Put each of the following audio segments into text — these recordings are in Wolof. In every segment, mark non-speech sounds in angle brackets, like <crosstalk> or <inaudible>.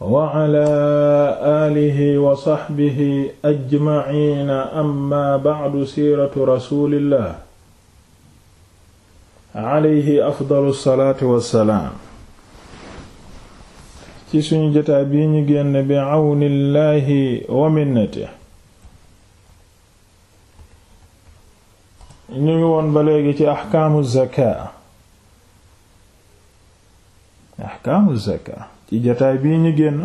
wa cala aalihi wa saxbihi ajmaciina amma bacdu siiratu rasulillah alayhi afdalu salaatu wassalaam ci suñu jotaay bii ñu génn bi cawnillahi wa minnati ñu ngi woon ba léegi ci axkaamu zaka ci jataay bii ñu génn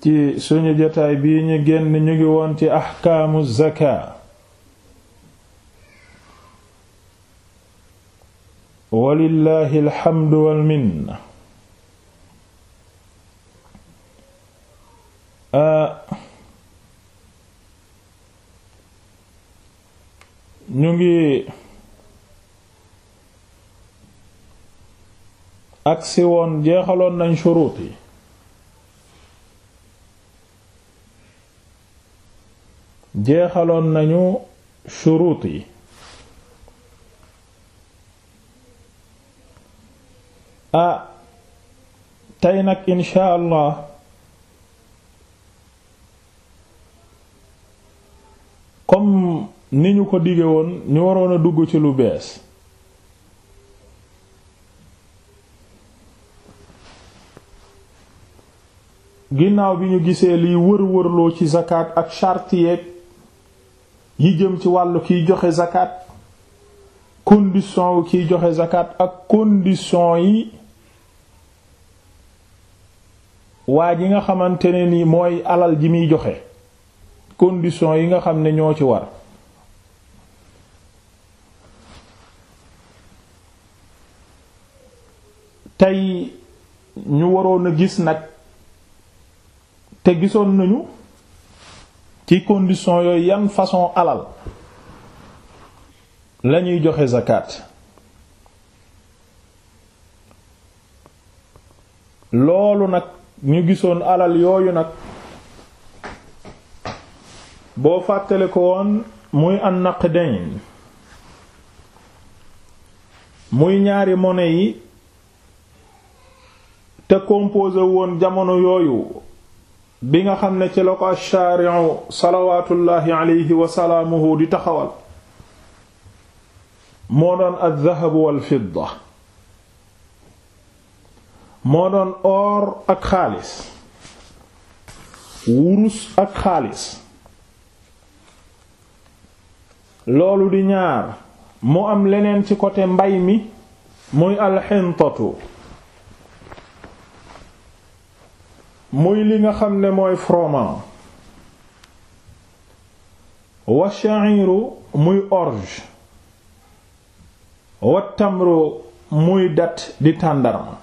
ci suñu jataay bii ñu génn ñu ngi woon ci axkaamu zaka walillahi alhamdu wal minna ñu ngi agsi woon jeexaloon nañu shuruut yi ah tey nag insha comme ni ñu ko dige woon ñu waroon a dugg ci lu bees ginnaaw bi ñu gisee liy wër-wërloo ci zakat ak charte yeeg yi jëm ci wàllu kiy joxe zakat condition wu kiy joxe zakat ak condition yi waa ji nga xamante ne ni mooy alal ji muy joxe condition yi nga xam ne ñoo ci war tey ñu waroon a gis nag te gisoon nañu ci condition yooyu yan façon alal lañuy joxe zakat loolu nag ñu gisoon alal yooyu nag boo fàttale ko woon muy an naqdayn muy ñaari monnaie yi te composé woon jamono yooyu bi nga xam ne ci la ko ashaariu salawaatullaahi alayhi wa di taxawal moo doon aldahabu walfidda moo doon or ak xaalis wurus ak xaalis loolu di ñaar mu am leneen ci côté mbay mi muy alxintatu muy li nga xam ne mooy froment wa muy orge wa muy dat di tàndarma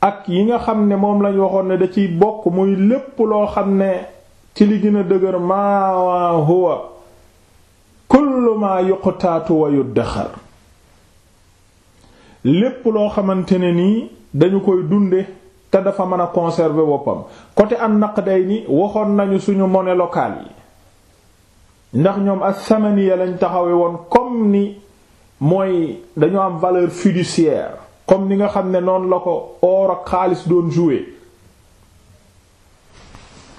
ak yi nga xam ne moom lañ waxoon ne da ciy bokk muy lépp loo xam ne ci li gën a dëgër maa huwa kullu ma yuqtaatu wa yuddaxar lépp loo xamante ne nii dañu koy dunde te dafa mën a conserver boppam côté an naqdayni waxoon nañu suñu monnaie locale yi ndax ñoom ak samaniya lañ taxawee woon comme ni mooy dañu am valeur fiduciaire comme ni nga xam ne noonu la ko or ak xaalis doon jouer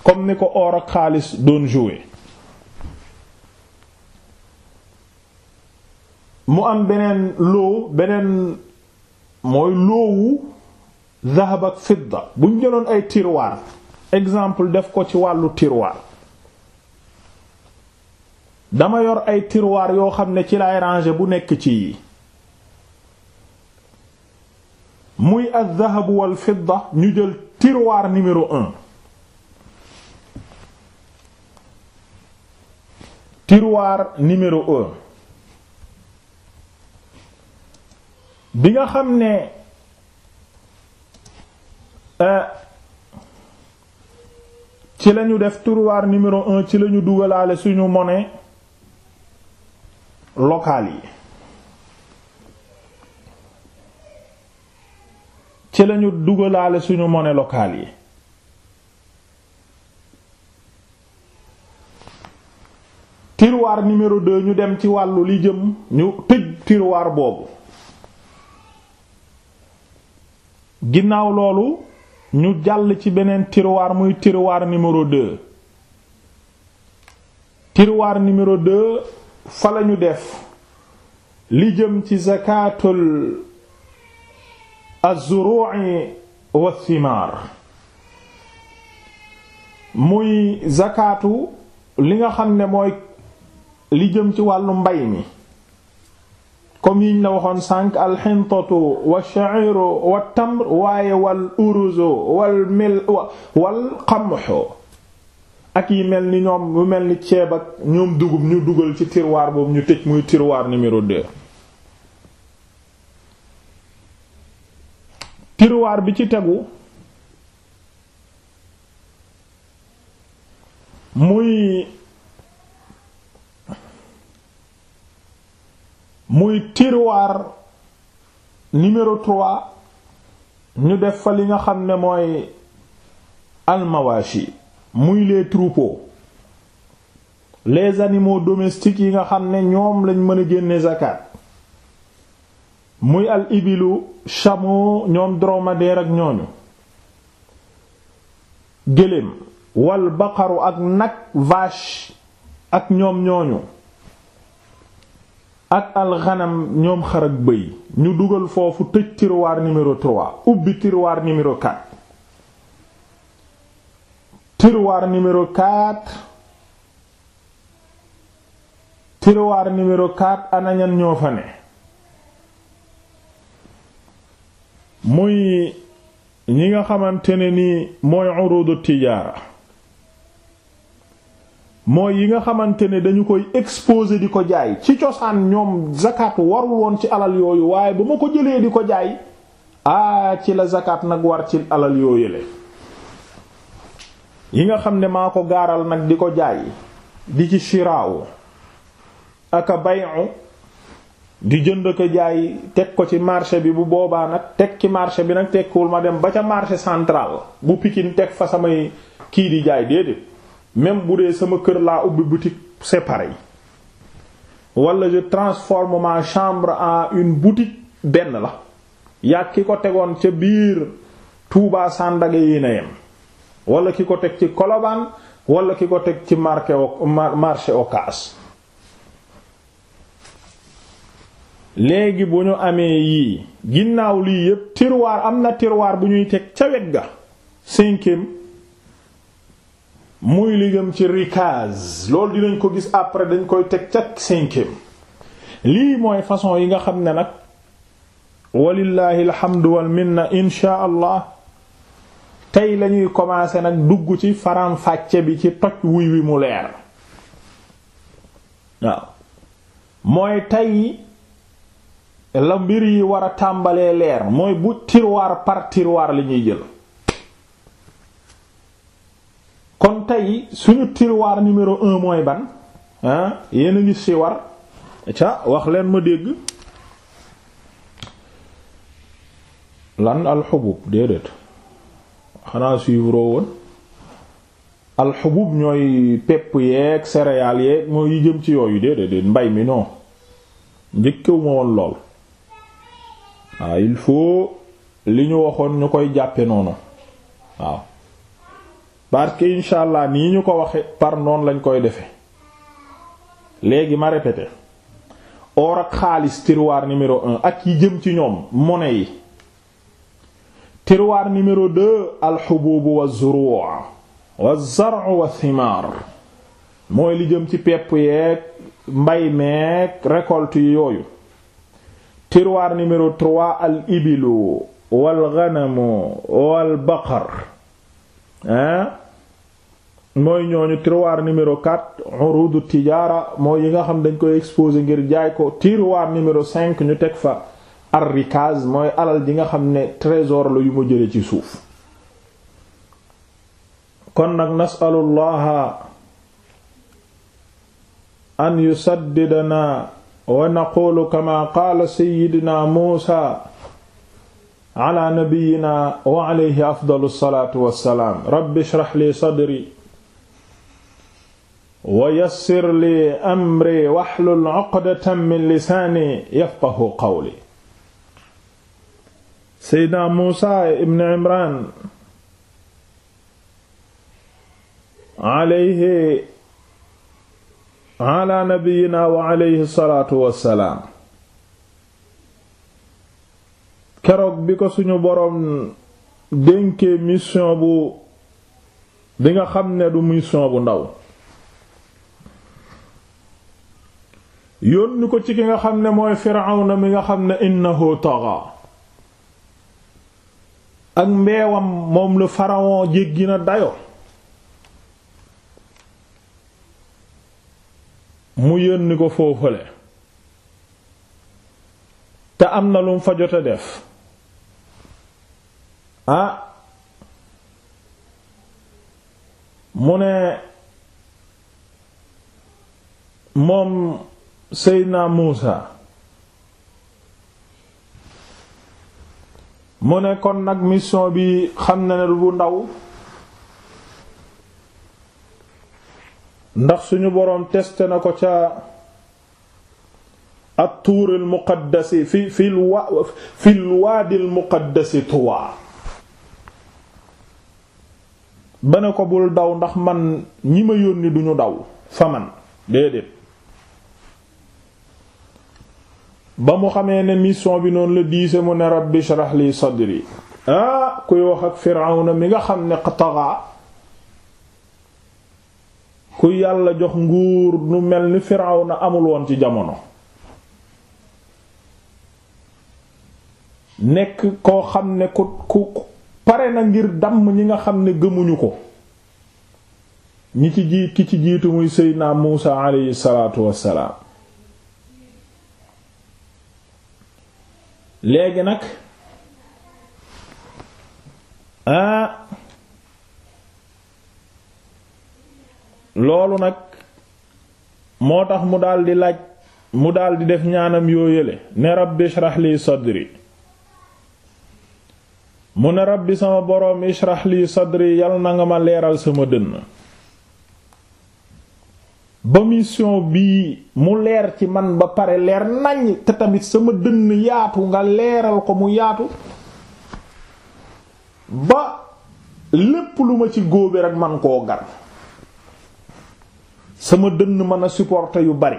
comme ni ko or ak xaalis doon jouer mu am beneen loo beneen mooy loowu zahab ak fidda bu jëloon ay tiroir exemple def ko ci wàllu tiroir dama yor ay tiroir yoo xam ne ci lay ranger bu nekk ci yi muy az-zahab wal fidda ñu jël tiroir numéro un tiroir numéro un bi nga xam ne euh, ci lañu def tiroir numéro un ci lañu dugalaale suñu monnaie locale yi ci lañu dugalaale suñu monnaie yi tiroir numéro deux ñu dem ci wàllu li jëm ñu tëj tiroir boobu ginnaaw loolu ñu jàll ci beneen tiroir muy tiroir numéro 2 tiroir numéro 2 fa lañu def li jëm ci zakatul az-zuru'i wa muy zakatu li nga xam ne mooy li jëm ci wàllu mbay mi comme yiñ la waxoon sànq alxintatu wa sha'iru wa tamr waaye wal uruzu wal mil wal qamhu ak yi mel ni ñoom yu mel ni ceeb ak ñoom dugub ñu dugal ci tiroir boobu ñu tëj muy tiroir numéro 2 bi ci tegu muy muy tiroir numéro 3 ñu def fa li nga xam ne mooy almawashi muy les troupeaux les animaux domestiques yi nga xam ne ñoom lañ mën a génne zakat muy al ibilu chameau ñoom dromadaire ak ñooñu gëléem wal baqaru ak nag vache ak ñoom ñooñu ak alxanam ñoom xar bëy ñu dugal foofu tëj tiroir numéro 3 ubbi tiroir numéro 4 tiroir numéro 4 anañan ñoo fa ne muy ñi nga xamante ni mooy urudu tijaara mooy yi nga xamante ne dañu koy exposé di ko jaay ci cosaan ñoom zakat warul woon ci alal yooyu waaye ba ma ko jëlee di ko jaay aa ah, ci la zakat nag war ci alal yooyu le yi nga xam ne maa ko gaaral nag di ko jaay di ci shiraawu aka bayu di jënd ko jaay teg ko ci marché bi bu boobaa nag teg ki marché bi nag tekkiwul ma dem ba ca marché central bu Pikine teg fa samay kii di jaay déedéet même bu dee sama kër laa ubbi boutique c'est pareil wala je transformement ma chambre en une boutique benn la yàgg ki ko tegoon ca biir Touba Sandaga yéen a yem wala ki ko teg ci Colobane walla ki ko teg ci marché marché Ocass léegi bu ñu amee yii ginnaaw lii yépp tiroir am na tiroir bu ñuy teg ca wet ga muy li jëm ci rikaz loolu dinañ ko gis après dañ koy teg ca cinquième lii mooy façon yi nga xam ne nag walillahi alhamdu wal minna insha allah tey lañuy commencer nag dugg ci faram-fàcce bi ci toj wuy wi mu leer waaw mooy tey la mbir yi war a tàmbalee leer mooy bu tiroir par tiroir li ñuy jël kon tey suñu tiroir numéro un mooy ban ah yéen ngi si war ca wax leen ma dégg lan alxubub déedéet xanaa suivre woon alxubub ñooy pepp yeeg céréales yeeg mooy yi jëm ci yooyu déedéet mbay mi non njëkkew ma woon lool waaw ah, il faut li ñu waxoon ñu koy jàppe noonu waaw parce que incha allah nii ñu ko waxe par noonu lañ koy defe léegi ma répété or ak xaalis tiroir numéro ak yi jëm ci ñoom monnaie yi tiroir numéro deux alxububu wa zuruu wa zaru wa thimar mooy li jëm ci pepp yeeg mbay meeg récolte yi yooyu tirwaar numéro trois al ibilu wal ghanamu wal baqar hein mooy ñooñu tiroir numéro 4 urudu tijaara mooy yi nga xam dañ koy exposé ngir jaay ko tiroir numéro 5 ñu teg fa mooy alal ji nga xam ne trésor la yu mu jële ci suuf kon nag nasalullaha an yusaddidana wa naqulu kama qaala sayyidina muusa ala nabiyina wa alayhi afdalu salaatu wassalaam rabbi shrah li sadri wa yassir li amri wahlul uqdatan min lisaani yafqahu qawli seydna muusa ibn imran alayhi wa alayhi salaatu wassalaam keroog bi ko suñu boroom dénkee mission bu bi xam ne du mission bu ndaw yónni ko ci ki nga xam ne mooy Firawna mi nga xam ne innahu tagha ak mbeewam moom la pharaon jéggi na dayo mu yónni ko foofale te am na lu fa jot def ah mu ne moom seydna muusa mu ne kon nag mission bi xam na ne bu ndaw ndax suñu boroom teste na ko ca at-tuur al-muqaddasi fi fil wa fil waadi al-muqaddasi tuwa ba ne ko bul daw ndax man ñi ma yónni duñu daw fa man déedéet ba mu xamee ne mission bi noonu la diise mu ne rabbi shrah li sadri ah kuy wax ak firawna mi nga xam ne taxaa ku yàlla jox nguur nu mel ni firawna amul woon ci jamono nekk koo xam ne ku ku pare na ngir damm ñi nga xam ne gëmuñu ko ñi ci jiit ki ci jiitu muy seydina Muusa aleyhi wassalaam léegi nag loolu nag moo tax mu daldi laaj mu daldi def ñaanam yoo yële ne rabbi mu ne rabbi sama boroom ishrah li sadri yal na nga ma leeral sama dënn ba mission bii mu leer ci man ba pare leer naññ te tamit sama dënn yaatu nga leeral ko mu yaatu ba lépp lu ma ci góobe rek man koo gar sama dënn mën a supporter yu bari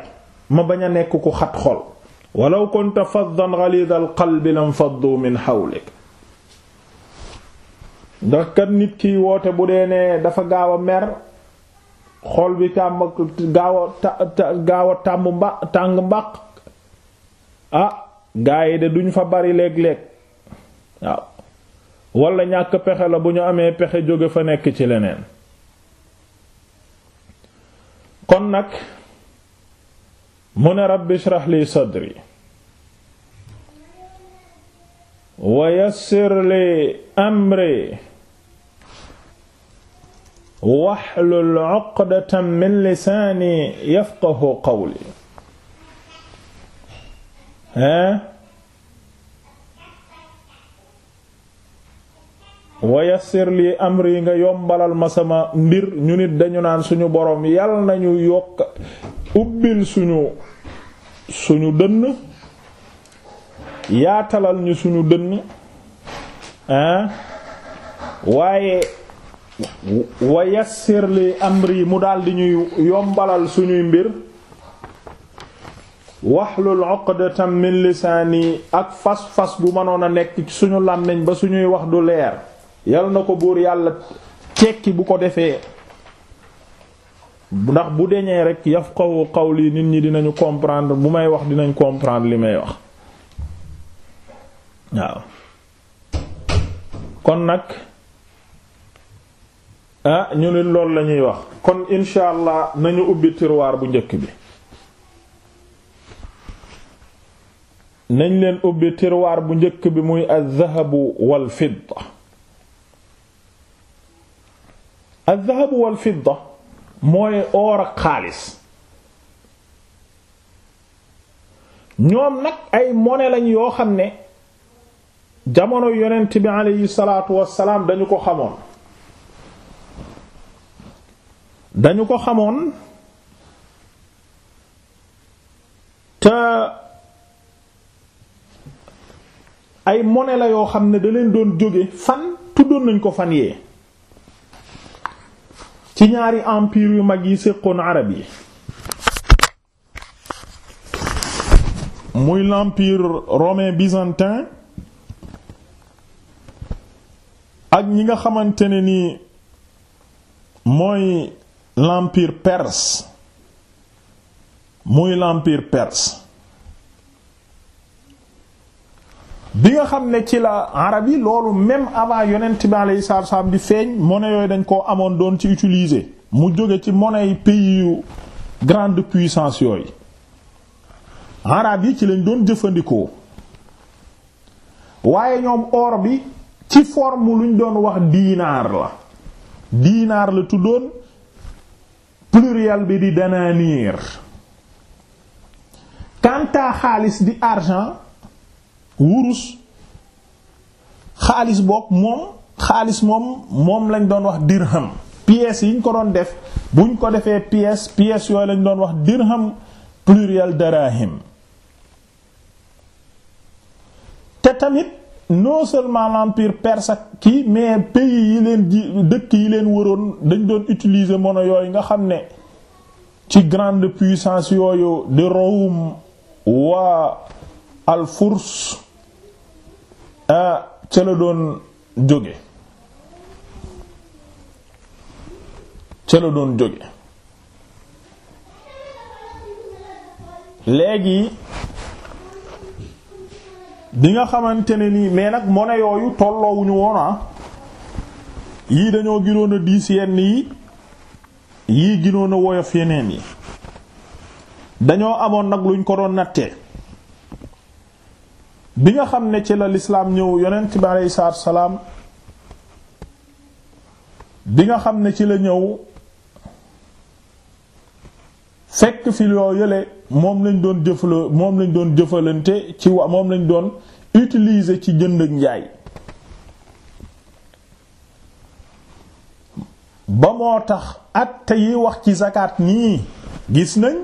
ma bañ a nekk ku xat xol walla kunta faddan ghalid al qalbi lam faddu min hawlik ndax kat nit kiy woote bu dee ne dafa gaaw a mer xool bi tàmm gaaw a ta gaaw tàmm mba tàng mbaq ah gaa yi de duñ fa bari léeg-léeg waaw wala ñàkk pexe la bu ñu amee pexe jóge fa nekk ci leneen kon nag mu ne rabbi shrah li sadri wa yassir li waxlul uqdatan min lisaani yafqahu qawli hein wayassir li amri nga yombalal ma sama mbir ñu nit dañu naan suñu borom yal nañu yokk ubbil suñu suñu dënn yaatalal ñu suñu dënn waaye wa yassir li amri mu daldi ñuy yombalal suñuy mbir waxlul uqdatam min lisaani ak fas fas bu mënoon a nekk ci suñu làmmiñ ba suñuy wax du leer yal na ko buur yàlla tekki bu ko defee ndax bu deñee rek yafqahu lii nit ñi dinañu comprendre bu may wax dinañ comprendre li may wax waaw kon nag ah ñu ne loolu la ñuy wax kon incha allah nañu ubbi tirwaar bu njëkk bi nañ leen ubbi tiroir bu njëkk bi muy az-zahabu wal fidda az-zahabu wal fidda mooy oor ak xaalis ñoom nag ay monnaie lañ yoo xam ne jamono yonent bi aleyhi salaatu salaam dañu ko xamoon dañu ko xamoon te ay mone la yoo xam ne da leen doon jóge fan tuddoon nañ ko fan yee ci ñaari empire yu mag yi séqoon arab yi muy l'empire romain byzantin ak ñi nga xamante ne ni mooy l'empire perse muy l'empire perse bi nga xam ne ci la arab yi loolu même avant yonent bi alayhi salaatu salaam di feeñ monnaie yooyu dañ koo amoon doon ci utiliser mu jóge ci monnaie yi pays yu grande puissance yooyu arab yi ci lañ doon jëfandikoo waaye ñoom or bi ci forme luñ doon wax diinaar la diinaar la tuddoon pluriel bi di danaaniir kanta xaalis di argent wurus xaalis boog moom xaalis moom moom lañ doon wax dirham pièces yi ñu ko doon def buñ ko defee pièces pièces yooyu lañ doon wax dirham pluriel darahim te tamit non seulement l'empire perse ak kii mais pays yi leen dëkk yi leen waroon dañ doon utiliser mono yooyu nga xam ne ci grande puissance yooyu di Rome waa al-Furs ah ca la doon jóge ca la doon jóge léegi bi nga xamante ne nii mais nag monnaie yooyu tolloowuñu woon ah. yii dañoo gënoon a diis yenn yi yii gënoon a woyof yeneen yi dañoo amoon nag luñ ko doon nattee bi nga xam ne ci la lislaam ñëw yonent bi aleyhi salaatu wa salaam bi nga xam ne ci la ñëw fekk fi yoo yële moom lañ doon jëfala moom lañ doon jëfalante ci wa moom lañ doon utiliser ci jënd ak njaay ba moo tax atte yi wax ci zakat nii gis nañ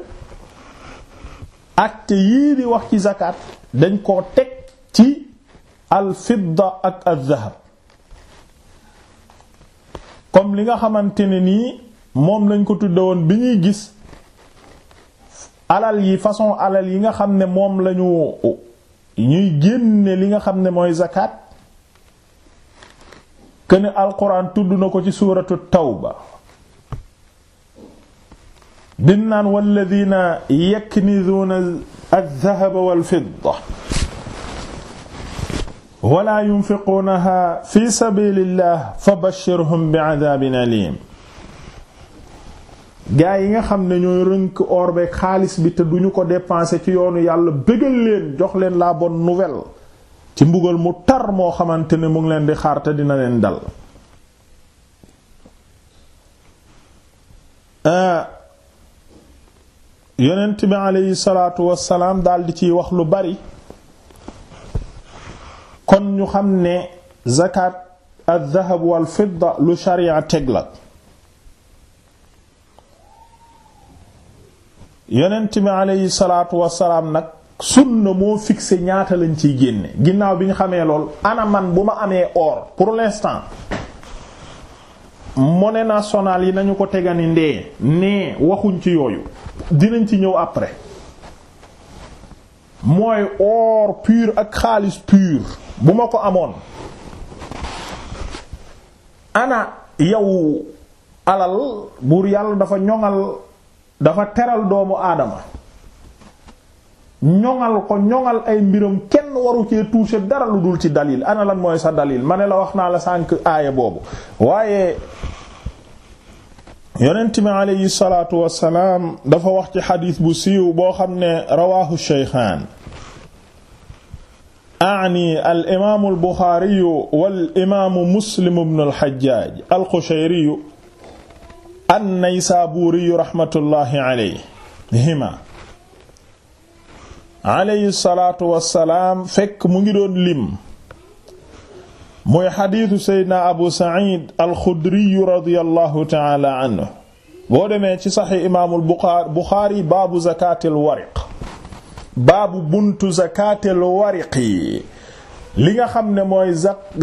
atte yii di wax ci zakat dañ koo teg ci al fidda ak al zahab comme li nga xamante nii moom lañ ko tuddawoon bi ñuy gis alal yi façon alal yi nga xam ne moom lañu ñuy génne li nga xam ne mooy zakat këne alquran tudd na ko ci suuratu tawba bim naan walladina yaknizuuna aldahaba walfidda wala yunfiquunaha fi sabilillah fa bashirhum bi adabin alim gaa yi nga xam ne ñooy rënk or xaalis bi te duñu ko dépenser ci yoonu yàlla bégal leen jox leen la bonne nouvelle ci mbugal mu tar moo xamante ne mu ngi leen di xaar te dina leen dal. Euh, yonent bi aleyhi salaatu wassalaam daldi ciy wax lu bari kon ñu xam ne zakat al-dhahab wal fidda lu sharia teg la. yonent bi aleyhi salaatu wasalaam nag sunna moo fixé ñaata lañ ciy génne ginnaaw bi ñu xamee lool ana man bu ma amee or pour l'instant monnaie nationale yi nañu ko tegani ndee nee waxuñ ci yooyu dinañ ci ñëw après mooy or pur ak xaalis pur bu ma ko amoon ana yow alal buur yàlla dafa ñoŋal dafa teral doomu aadama ñoŋal ko ñoŋal ay mbiram kenn waru cee toucher dara lu dul ci dalil ana lan mooy sa dalil ma ne la wax naa la sànq aaya boobu waaye yonent mi aleyhi salaatu wassalaam dafa wax ci xadiis bu siiw boo xam ne rawaahu shaykhaan ani al imaamu al buxaariyu wal imaamu muslim ibn al xajjaaj al qushayriyu an-Naysaburi rahmatullahi alayhima alayhi salaatu wassalaam fekk mu ngi doon lim mooy xadiisu seydna abu said alxudriyu radiallahu taala anhu boo demee ci saxi imaamul buxaari buxaari baabu zakaatil wariq baabu buntu zakaatil wariqi li nga xam ne mooy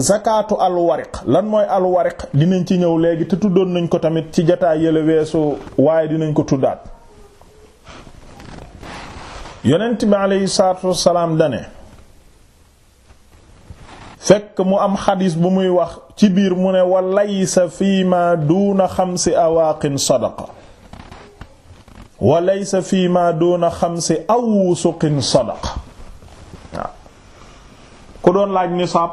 zakaatu alwariq lan mooy alwariq dinañ ci ñëw léegi te tuddoon nañ ko tamit ci jataay yële waaye dinañ ko tuddaat yonent bi aleyhi salaatu wassalaam dane fekk mu am xadis bu muy wax ci biir mu ne wa laysa fii ma xam si awaaqin sadaqa wa laysa fii ma xam si awsuqin sadaqa ku doon laaj nisaab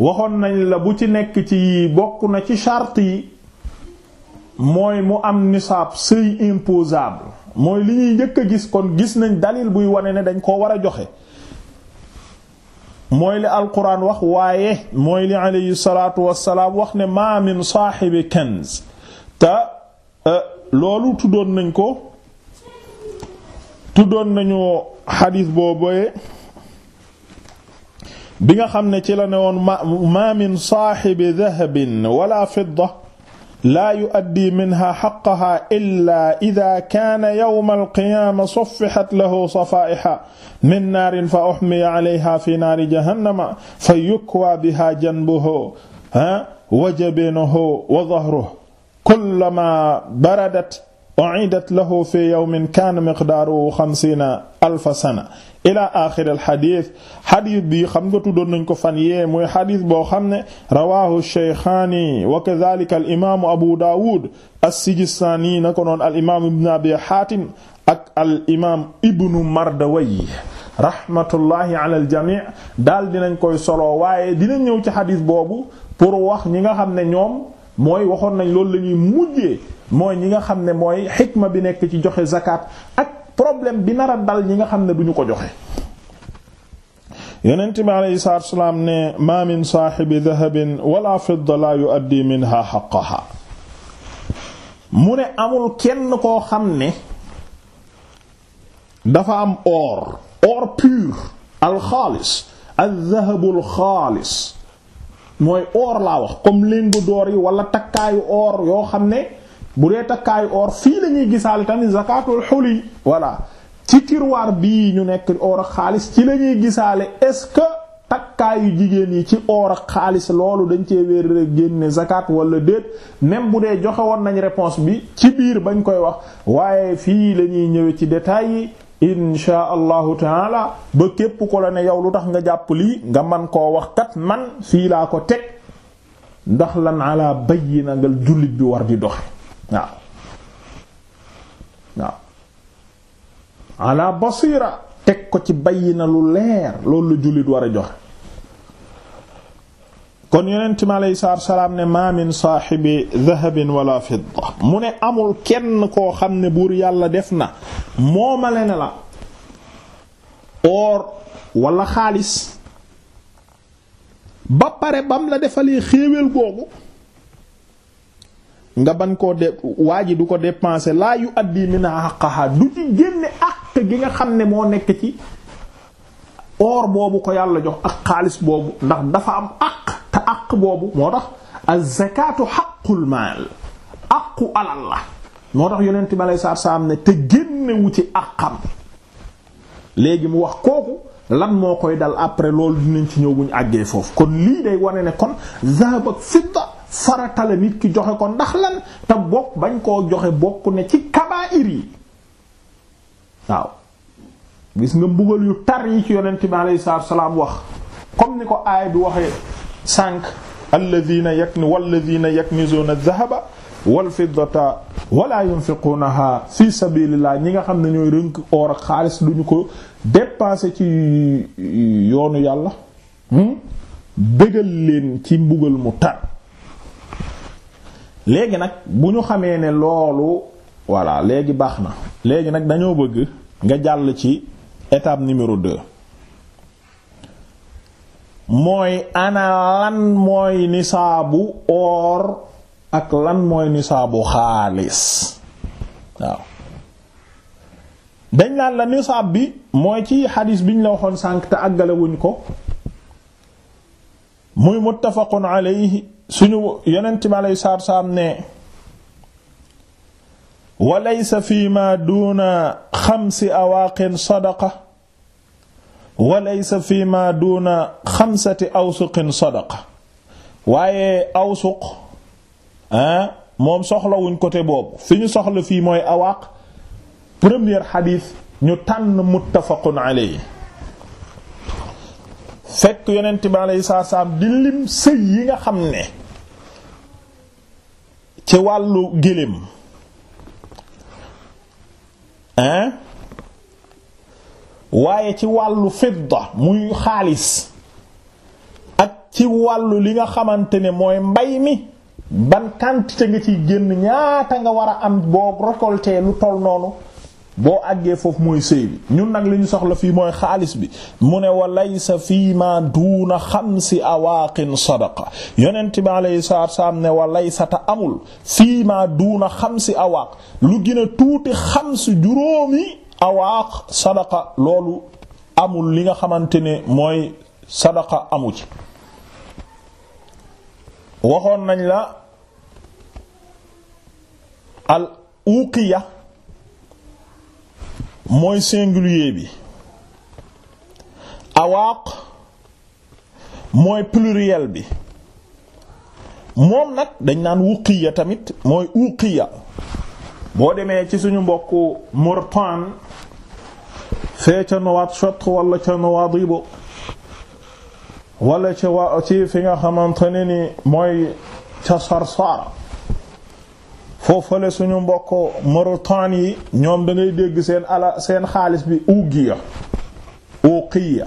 waxoon nañ la bu ci nekk ci bokk na ci charte yi mooy mu am nisaab seuil imposable mooy li ñuy njëkk a gis kon gis nañ dalil buy wane ne dañ koo war a joxe mooy li alquran wax waaye mooy li alayhi salaatu wassalaam wax ne ma min saaxibi kanz te e, loolu tuddoon nañ ko tuddoon nañu xadiis boobee bi nga xam ne ci la ne woon ma min saaxibi dahabin wala fidda laa yuaddi minha xaqaha illa ida kaana yowma alqiyaama sufixat lahu safaa'iha min naarin fa uxmiya calayha fi naari jahannama fa yukwaa biha janbuhu wa jabinuhu wa dahruhu kullamaa baradat u'idat lahu fi yawmin kaana miqdaaruhu xamsiina alfa sana ila axir alxadis xadis bi xam nga doon nañ ko fan yee mooy xadis boo xam ne rawahu sheykhaani wa kadhalika alimamu abu daawud as-sijistaani na ko noon alimamu ibnu abi xaatim ak alimam ibnu mardawayh rahmatullahi ala aljami daal dinañ koy solo waaye dinañ ñëw ci xadis boobu pour wax ñi nga xam ne ñoom mooy waxoon nañ loolu lañuy ñuy mujjee mooy ñi nga xam ne mooy xikma bi nekk ci joxe zakat ak problème bi nara dal ñi nga xam ne duñu ko joxe yonent bi alayhi salaatu wasalaam ne ma min saaxibi dahabin wala fidda la yuaddi kenn koo xam ne dafa am or or pur alxaalis aldahabu alxaalis mooy or laa wax comme lingu door yi wala takkaayu or yoo xam ne bu dee takkaayu or fii la ñuy gisaale tamit zakatul xuli voilà ci tiroir bi ñu nekk or xaalis ci lañuy ñuy gisaale est-ce que takkaayu jigéen yi ci or xaalis loolu dañ cee wéer génne zakat wala déet même bu dee joxe woon nañ réponse bi ci biir bañ koy wax waaye fii lañuy ñëwee ci détails yi insha allahu taala ba képp ko la ne yow lu tax nga jàpp lii nga man koo wax kat man fii laa ko teg ndax lan ala bayyi na nga jullit bi war di doxe waaw waaw ala basira teg ko ci bayina lu leer loolu la jullit war a joxe kon yonent mi aleyhi salaatu salaam ne ma min saaxibi dahabin wala fidda mu ne amul kenn koo xam ne buur yàlla def na moomale na la or wala xaalis ba pare bam la defalee xéewél googu nga ban koo de waa ji du ko dépenser laa yu addi min haqqaha du ci génne àq gi nga xam ne moo nekk ci or boobu ko yàlla jox ak xaalis boobu ndax dafa am àq te àq boobu moo tax az-zakatu haqqul maal àqu alal la moo tax yonent bi alei satu salaam ne te génnewu ci àqam léegi mu wax kooku lan moo koy dal après loolu dinañ ci ñëw buñ àggee foofu kon lii day wane ne kon zahab ak fidda faratale nit ki joxe ko ndax lan te bokk bañ koo joxe bokk ne ci kabaa'ir yi waaw gis nga mbugal yu tar yi ci yonent bi alayhi salaatu salaam wax comme ni ko aay bi waxee sànq alladhina yakni walladhina yaknizuna adh-dhahaba wal fiddata wala yunfiqunaha fi sabilillah ñi nga xam ne ñooy rënk or ak xaalis duñu ko dépenser ci yoonu yàlla hmm? bégal leen ci mbugal mu tar léegi nag bu ñu xamee ne loolu voilà léegi baax na léegi nag dañoo bëgg nga jàll ci étape numéro deux mooy ana lan mooy nisaabu or ak lan mooy nisaabu xaalis waaw dañ naan la nisaab bi mooy ci xadis biñ la waxoon sànq te àggalewuñ ko muy muttafaqun alayhi suñu yonent mi aleyhi salaatu salaam ne wa laysa fi ma duuna xamsi awaaqin sadaqa wa laysa fi ma duuna xamsati awsuqin sadaqa waaye awsuq ah moom soxlawuñ côté boobu fi ñu soxla fii mooy awaaq premier xadiis ñu tànn muttafaqun aleyhi fekk yonent bi alayhi salaam di lim sëy yi nga xam ne ci wàllu géléem hein waaye ci wàllu fidda muy xaalis ak ci wàllu li nga xamante ne mooy mbay mi ban quantité nga ciy génn ñaata nga war a am boo récolté lu toll noonu boo àggee foofu mooy sëy bi ñun nag li soxla fii mooy xaalis bi mu ne wa laysa fii ma duuna xamsi awaaqin sadaqa yonent bi alayhi salaatu wassalaam ne wa laysa ta amul fii ma duuna xamsi gën a tuuti xams juróomi awaaq sadaqa loolu amul li nga xamante ne mooy sadaqa amu ci waxoon nañ la al uqiya mooy singulier bi awaaq mooy pluriel bi moom nag dañ naan wuqiya tamit mooy uqiya boo demee ci suñu mbokku Murtaan fee ca Nouakchott wala ca Nouadhibou wala ca waa ci fi nga xamante ne ni mooy ca Sarsara foofale suñu mbokk Mauritane yi ñoom da ngay dégg seen ala seen xaalis bi ugiya uqiya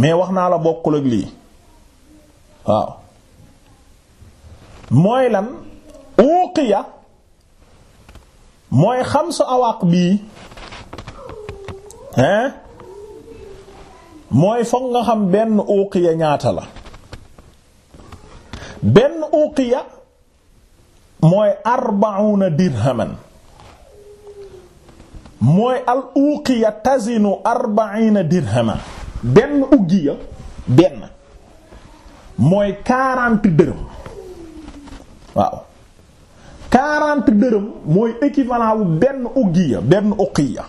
mais wax naa la bokkul ak lii waaw mooy lan uqiya mooy xam su awaq bii hein mooy foog nga xam benn uqiya ñaata la benn ya mooy arbauna dirhaman mooy al uqiya tazinu arbaina dirhaman benn uqiya benn mooy quarante dërëm waaw quarante dërëm mooy équivalent wu benn uqiya benn uqiya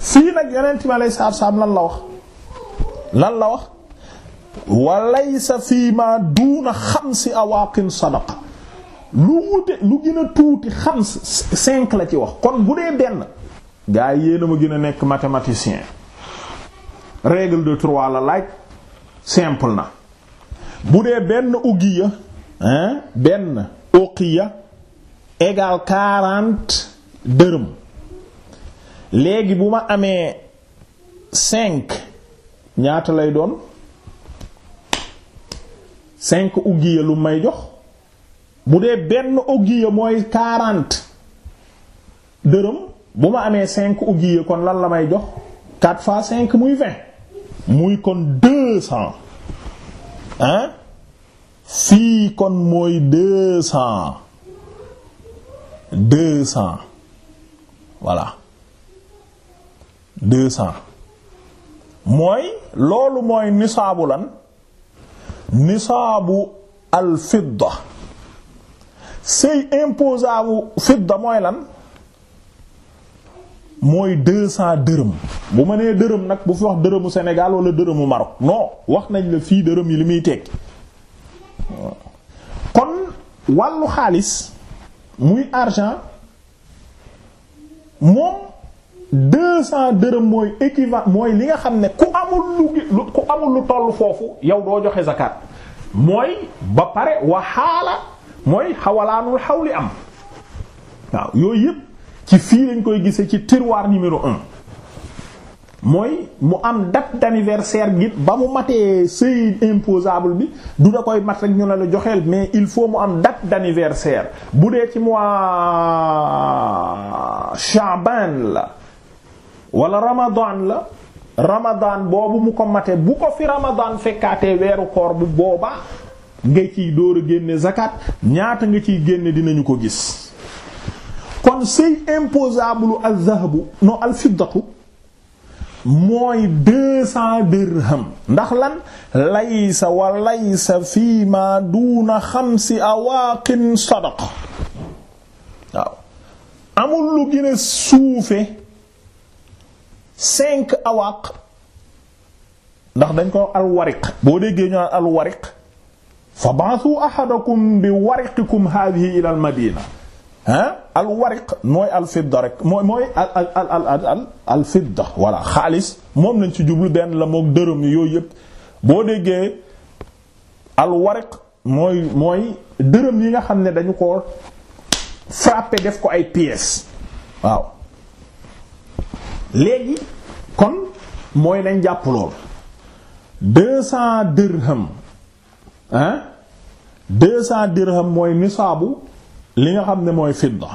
fii nag yonent mi alayhi salaatu salaam lan la wax lan la wax walaysa fii ma duuna xamsi awaaqin sadaqa lu wute lu gën tuuti xams cinq la ci wax kon bu dee benn gaa yi yéena ma gën a nekk mathématicien règle de trois la laaj simple na bu dee benn ugiya hein benn ya égal quarante dërëm léegi bu ma amee cinq ñaata lay doon cinq ugiya lu may jox mu dee benn ogiya mooy quarante dërëm bu ma amee cinq ogiya kon lan la may jox quatre fois cinq muy vingt muy kon deux cents hein fii kon mooy deux cents deux voilà deux cents mooy loolu mooy nisaabu lan nisaabu al fidda sëy imposable fidda mooy lan mooy deux cents dërëm bu ma nee dërëm nag bu fi wax dërëmu Sénégal wala dërëmu Maroc non wax nañ la fii dërëm yi li muy tekki kon wàllu xaalis muy argent moom deux dërëm mooy équivalent mooy li nga xam ne ku amul lu ku amul lu toll foofu yow doo joxe zakat mooy ba pare waxaala mooy xawalaanul xawli am waaw yooyu yëpp ci fii lañ koy gisee ci tiroir numéro un mooy mu am date d'anniversaire gi ba mu matee seuil imposable bi du da koy mat rek ñu ne la joxeel mais il faut mu am date d'anniversaire bu dee ci mois Chaban la walla Ramadan la Ramadan boobu mu ko matee bu ko fi Ramadan fekkaatee weeru koor bu boobaa. nga ciy dóor a génne zakat ñaata nga ciy génne dinañu ko gis kon sëy imposable al zahabu non al fiddatu mooy deux cents dirham ndax lan laysa wa laysa fii ma duuna xamsi awaaqin sadaqa waaw amul lu gën suufe cinq awaaq ndax dañ ko alwariq boo déggee ñu naan fa ba'athu ahadakum bi wariqikum hadhihi ila la madina ah al wariq mooy al fidda rek mooy mooy al al al al al fidda voilà xaalis moom lañ ci jublu benn la moog dërëm yooyu yëpp boo déggee al wariq mooy dërëm yi nga xam ne dañu ko frappé def ko ay pièces waaw léegi kon mooy nañ jàpp lool deux cents hein deux cents dirham mooy nisaabu li nga xam ne mooy fidda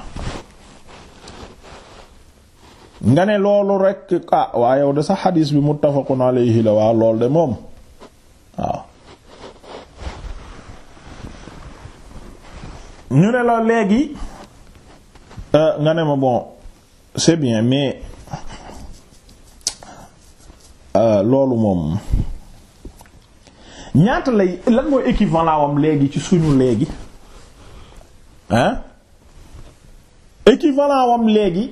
nga ne loolu rekk ah waa yow de sa xadiis bi muttafaqun alayhi la waa lool de moom waaw ñu ne la léegi euh, nga ne ma bon c'est bien mais euh, loolu moom ñaata lay lan mooy équivalent wam léegi ci suñu léegi hein équivalent wam léegi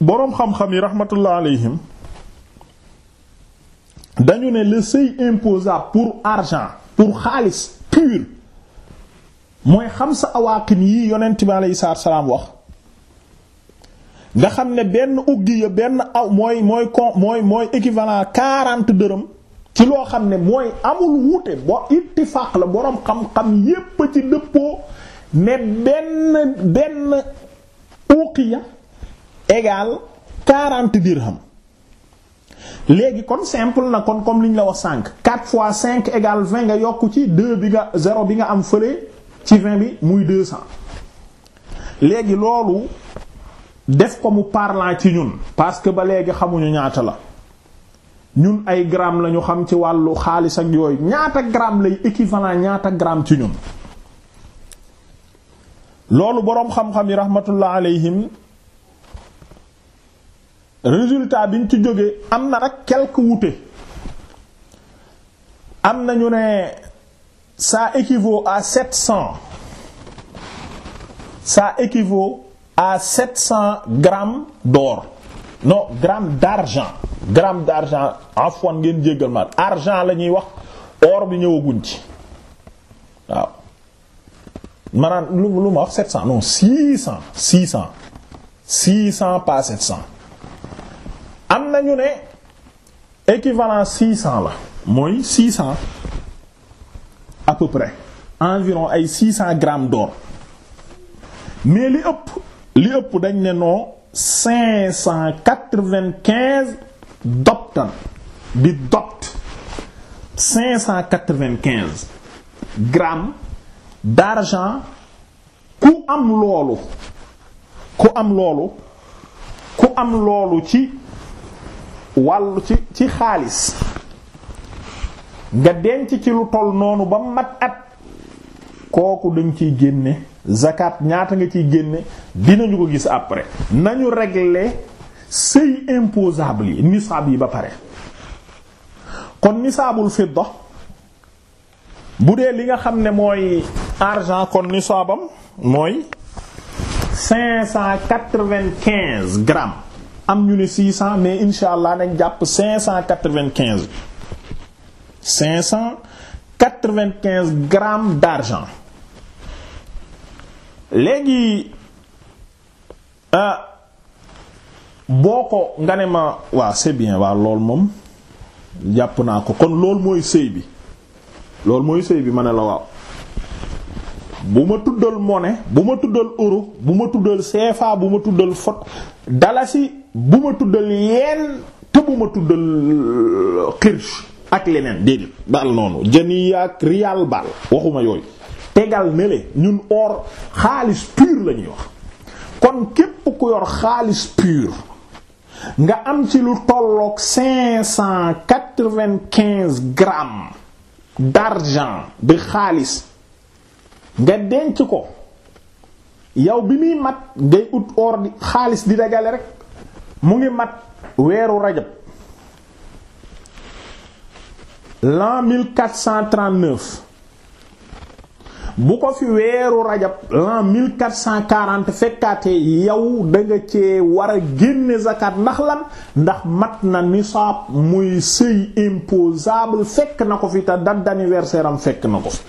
boroom xam-xam yi rahmatullah alayhim dañu ne le seuil imposable pour argent pour xaalis pur mooy xam sa awaakin yi yonent bi alayhi salaam wax nga xam ne benn uggi ya benn aw mooy mooy con mooy mooy équivalent quarante dërëm ci loo xam ne mooy amul wuute bo ittifaq la boroom xam-xam yépp ci dëppoo ne benn benn uqiya égal quarante dirham léegi kon simple na kon comme liñ la wax cinq quatre fois cinq égal vingt nga yokk ci deux bi nga zéro bi nga am fële ci vingt bi muy deux cents léegi loolu def ko mu parlant ci ñun parce que ba léegi xamuñu ñaata la ñun ay gramme lañu xam ci wàllu xaalis ak yooyu ñaata gramme lay équivalent ñaata gramme ci ñun loolu boroom xam-xam yi rahmatullah alayhim résultat biñ ci jógee am na rek quelque wute am na ñu ne sa équivaut à sept cents sa équivaut à sept cents grammes d'or non gramme d'argent gramme d'argent afwan ngeen jéggal ma argent la ñuy wax or bi ñëwaguñ ci waaw maanaam lu lu ma wax sept cents non six cents six cents pas sept cents am na ñu ne équivalent six cents la mooy six cents à peu près environ ay six cents grammes d'or mais li ëpp li ëpp dañ ne non cinq cent doptan bi dopt cinq cent quatre-vingt-quinze grammes d'argent ku am loolu ku am loolu ku am loolu ci wàllu ci ci xaalis nga denc ci lu toll noonu ba mat at kooku dañ ciy génne zakat ñaata nga ciy génne dinañu ko gis après nañu régler seuil imposable yi nisaab yi ba pare kon nisaabul fidda bu dee li nga xam ne mooy argent kon nisaabam mooy cinq cent quatre-vingt-quinze am ñu ne cent mais insha allah nañ jàpp cinq cent quatre-vingt-quinze cinq cent quatre vingt d'argent léegi euh, boo ko nga ne ma waa c'est bien waa lool moom jàpp naa ko kon loolu mooy sëy bi loolu mooy sëy bi ma ne la waaw bu ma tuddal mone bu ma tuddal euro bu ma tuddal CFA bu ma tuddal fot dalasi bu ma tuddal yeen te bu ma tuddal euh, kirsch ak leneen dégg baal noonu jëni ak rial baal waxuma yooyu tegal nele ñun or xaalis pur la wax kon képp ku yor xaalis pur nga am ci lu tolloog cinq cent quatre d'argent de xaalis nga denc ko yow bi muy mat ngay ut or xaalis di dagale rek mu ngi mat weeru rajab l'an bu ko fi weeru rajab l'an 1440 fekkaatee yow da nga cee war a génne zakat ndax lan ndax mat na nisaab muy sëy imposable fekk na ko fi te date d'anniversaire am fekk na ko fi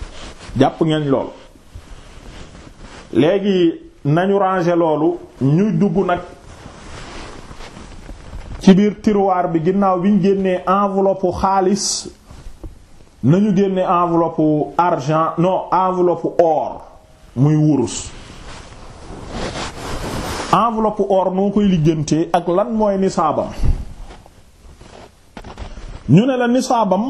jàpp ngeen loolu léegi nañu ranger loolu ñu dugg nag ci biir tiroir bi ginnaaw bi génnee enveloppe xaalis nañu génne enveloppe argent non enveloppe or muy wurus enveloppe or noo koy liggéeyante ak lan mooy nisaabam ñu ne la nisaabam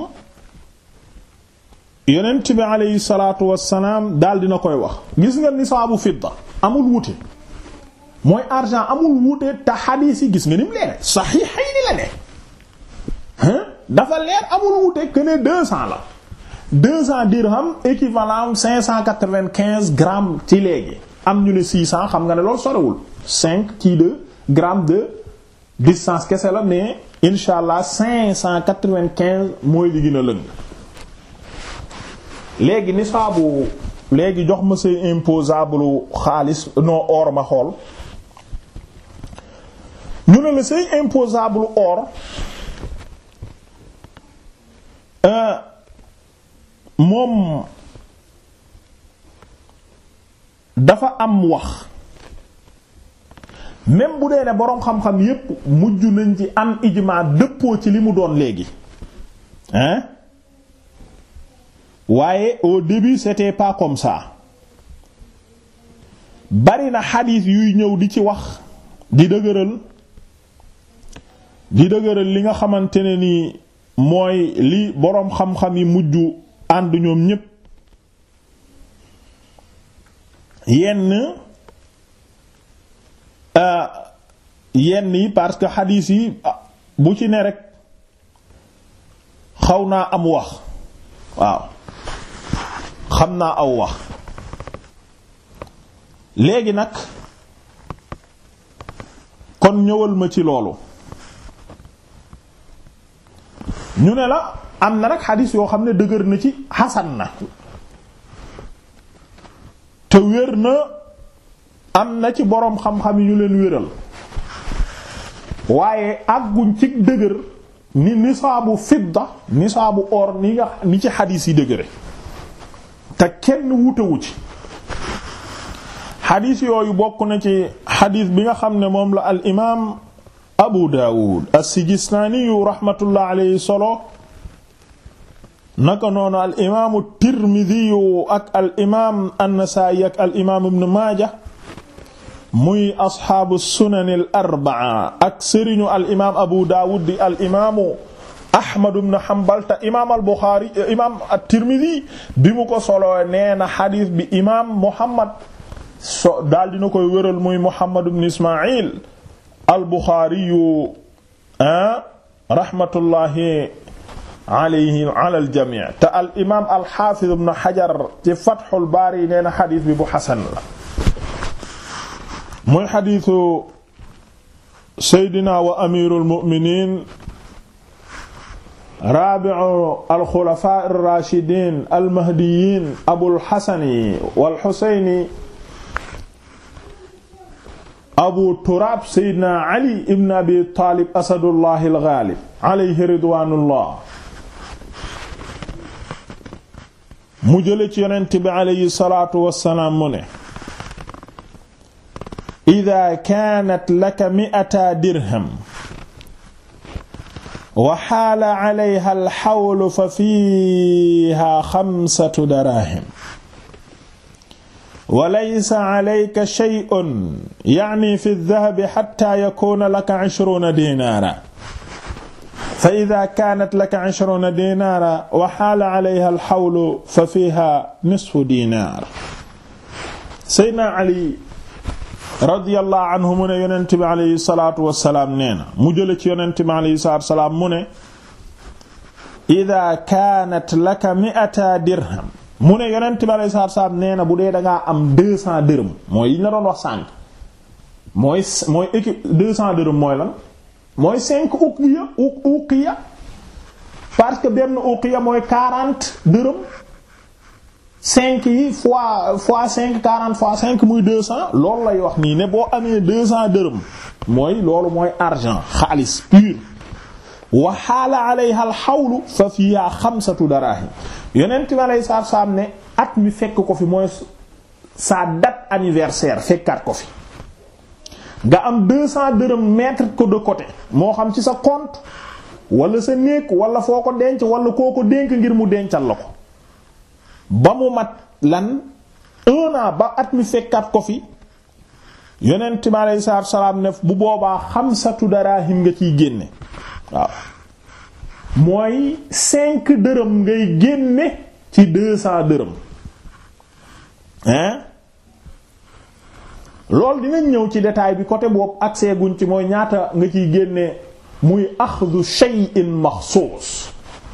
yonent bi aleyhi salaatu wassalaam daal dina koy wax gis nga nisaabu fidda amul wuute mooy argent amul wuute te xadiis gis nga ni mu leere saxiixayni la ne dafa leer amul wute que ne deux cent la deux cent dirham équivalent cinq cent quatre-vingt-quinze ci léegi am ñu ne six cent xam nga ne loolu sorewul cinq kii de gram de distance kese la mais incha allah cinq cent quatre-vingt-quinze mooy li gën a lëng léegi nisaabu léegi jox ma seen imposable xaalis non or ma xool ñu ne la seen imposable or Euh, moom dafa am wax même bu dee ne boroom xam-xam yépp mujj nañ ci am ijmaa dëppoo ci li mu doon léegi waaye au début c'était pas comme ça bari na xadiis yuy ñëw di ci wax di dëgëral di li nga xamante ne nii mooy li boroom xam-xam yi mujj ànd ñoom ñépp yenn euh, yenn yi parce que xadiis yi ah, bu ci ne rekk xaw naa am wax waaw xam naa aw wax léegi nag kon ñëwal ma ci loolu ñu ne la am na nag xadis yoo xam ne dëgër na ci xasan na te wér na am na ci boroom xam-xam yi ñu leen wéral waaye àgguñ ci dëgër ni nisaabu fidda nisaabu or ni nga ni ci xadis yi dëgëre te kenn wutewu ci xadis yooyu bokk na ci xadis bi nga xam ne moom la al abu daawud as-sijistaaniyu raxmatullah alayhi solo naka noonu al imaamu al imaam ak al imaam ibn maaja al arbaa al imaam abu daawud di al imaamu ahmadu al buxaari imaam ko solo nee na bi imaam muhammad so daal dina koy wéral muy muhammad ibn ismaayil albuxaariyu ah, rahmatullahi alayhi ala aljamii te al imaam alxaafiz ibn xajar ci fatxul baari nee na xadiis bi bu xasan la muy xadiisu seydina wa amiirul mu'miniin raabi'u alxulafaa ar-raashidiin almahdiyyiin abul xasani wal xuseyni abu turaab seydna ali ibn abi taalib asadullahi algaalib alayhi ridwaanullah mu jële ci yonent bi alayhi salaatu wassalaam mu ne ida kaanat laka mi'ata dirham wa xaala alayha alxawlu fa fiiha xamsatu daraahim wa laysa alayka shay'un ya'ni fi adh-dhahabi hatta yakuna laka 'ishruna dinara fa idha kanat laka 'ishruna dinara wa hala 'alayha al-hawlu fa fiha nisfu dinar Seydina Ali radiyallahu anhu mu ne yonent bi alayhi salatu wasalaam nee na mu jële ci yonent bi alayhi salatu wasalaam mu ne idha kanat laka mi'ata dirham mu ne yeneen ba lay saar saar nee na bu dee da ngaa am deux cent dërëm mooy yi ñu doon wax sànq mooy mooy équipe deux cent dërëm mooy lan mooy cinq uqiya uqiya parce que benn uqiya mooy quarante dërëm cinq yi fois fois cinq quarante fois cinq muy deux cent loolu lay wax nii ne boo amee deux cent dërëm mooy loolu mooy argent xaalis pur. wa xaala alayha al xawlu fa fiha xamsatu daraahim yonent bi alayhi salaatu salaam ne at mi fekk ko fi mooy sa date anniversaire fekkaat ko fi nga am deux cents dërëm ko de côté moo xam ci sa kont wala sa néeg wala foo ko denc walla koo ko dénk ngir mu dencal la ko ba mu mat lan un an ba at mi fekkaat ko fi yonent bi alayhi salaatu salaam ne bu boobaa xamsatu daraahim nga ciy génne waaw mooy cinq dërëm ngay génne ci deux dërëm hein loolu dinañ ñëw ci détail bi côté boobu accès guñ ci mooy ñaata nga ciy génne muy axdu max maxsuus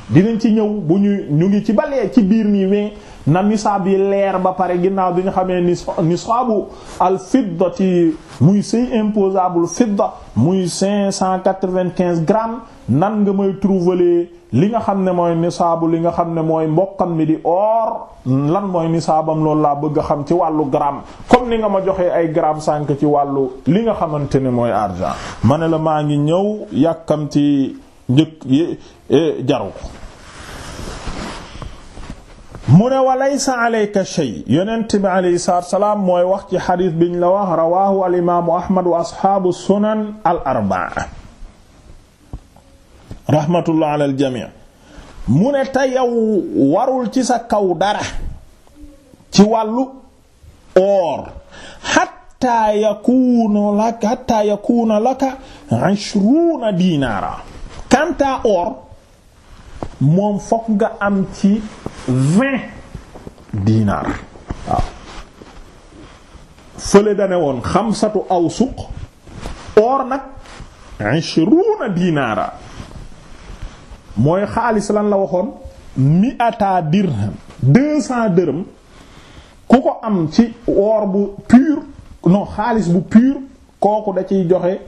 dinañ ci ñëw bu ñu ñu ngi ci balee ci biir nii mais na nisaab yi leer ba pare ginnaaw bi nga xamee nisaabu al fidda ci muy sëy imposable fidda muy cinq cent quatre-vingt-quinze nan nga may trouver li nga xam ne mooy nisaabu li nga xam ne mooy mbokkam mi di or lan mooy nisaabam loolu laa bëgg xam ci wàllu gramme comme ni nga ma joxee ay gramme sànq ci wàllu li nga xamante ne mooy argent ma ne la maa ngi ñëw yàkkamti njëkk eh, jaru ko mu ne wa laysa alayka shay yonent bi alayhi salaatu wasalaam mooy wax ci xadiis biñ la wax rawaahu al imaamu ahmad wa asxaabu sunan al arbaa rahmatullah ala al jamii mu ne te yow warul ci sa kaw dara ci wàllu oor xatta yakuuna laka xatta yakuuna laka ishruuna diinaara kanta oor moom fokk nga am ci vingt dinaar waaw fële dane woon aw awsuq or nag ishruuna mooy xaalis lan la waxoon mi'ata dirham deux cents dërëm ku ko am ci or bu pur non xaalis bu pur kooku da ciy joxe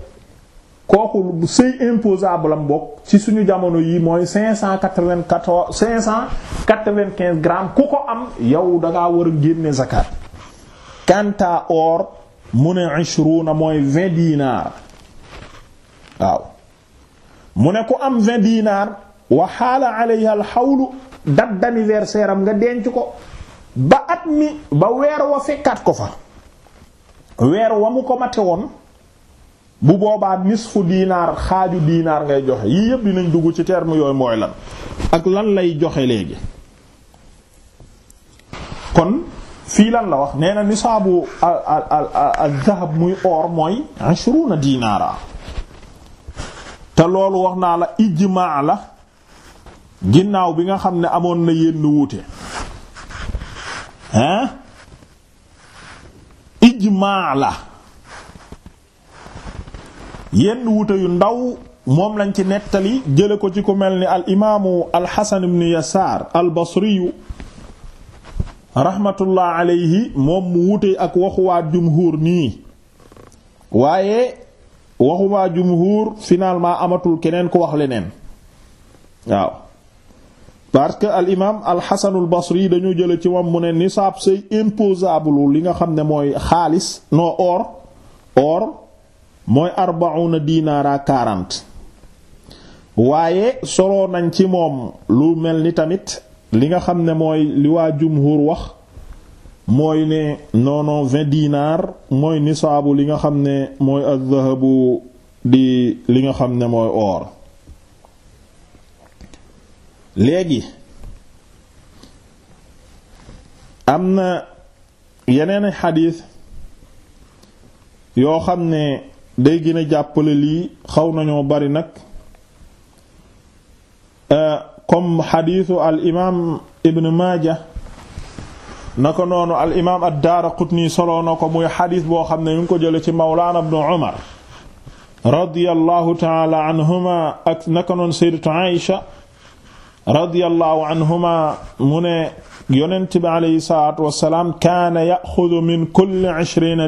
kooku sëy imposable am bokk ci suñu jamono yi mooy cinq cent quatre-vingt-quatorze cinq grammes ku ko am yow dangaa war a génne zakat kanta or mu ne ishruna mooy vingt waaw mu ne ku am vingt dinar wa xaala alayha al xawlu date d'anniversaire am nga denc ko ba at mi ba weer wa fekkaat ko fa weer wa mu ko mate woon bu boobaa nisfu diinaar xaaju diinaar ngay joxe yii yëpp dinañ dugg ci terme yooyu mooy lan ak lan lay joxe léegi kon fii lan la wax nee na nisaabu al-zahab muy or mooy ashruna diinaara te loolu wax naa la ijmaa la ginnaaw bi nga xam ne amoon na yenn wuute hein ijmaa la yenn wuute yu ndaw moom lañ ci nettali jële ko ci ku mel ni al imaamu al xasan ibn yasaar al basriyu rahmatullah alayhi moom mu wuute ak waxuwaa jumhuur nii waaye waxuwaa jumhuur finalement amatul keneen ku wax leneen waaw parce que al imaam al xasan al basri dañu jële ci moom mu ne nisaab say imposable li nga xam ne mooy xaalis noo or or mooy arbauna dinaara 40 waaye soloo nañ ci moom lu mel ni tamit li nga xam ne mooy li waa jumhur wax mooy ne noonon dinaar mooy nisaabu li nga xam ne mooy az-zahabu di li nga xam ne mooy or léegi am na yeneen xadiis yoo xam ne day gën a jàppale lii xaw nañoo bari nag euh, comme xadiisu al imaam Ibn Maaja naka noonu al imaam ad-Daaraqutni soloo na ko muy xadiis boo xam ne ñu ngi ko jële ci Mawlaana Ibn Umar radiyallahu taala anhuma ak naka noonu Sayyidatu Aïsha radiyallahu anhuma mu ne yonent bi alayhi salaatu wa salaam kaana ya'xudu min kulli ishriina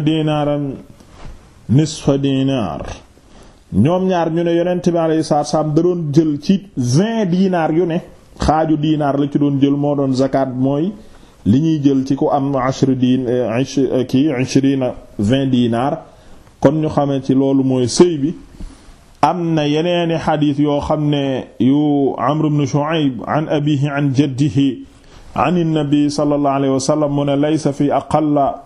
nisfa dinar ñoom ñaar ñu ne yonent bi alayhi salaatu salaam da doon jël ci vingt dinar yu ne xaaju dinar la ci doon jël moo doon zakat mooy li ñuy jël ci ku am ashri din kii ishrina vingt dinar kon ñu xamee ci loolu mooy sëy bi am na yeneeni xadiis yoo xam ne yu Amr ibn Shu'ayb an abihi an jaddihi an an-nabi sallallahu alayhi wa sallam mu ne laysa fi aqalla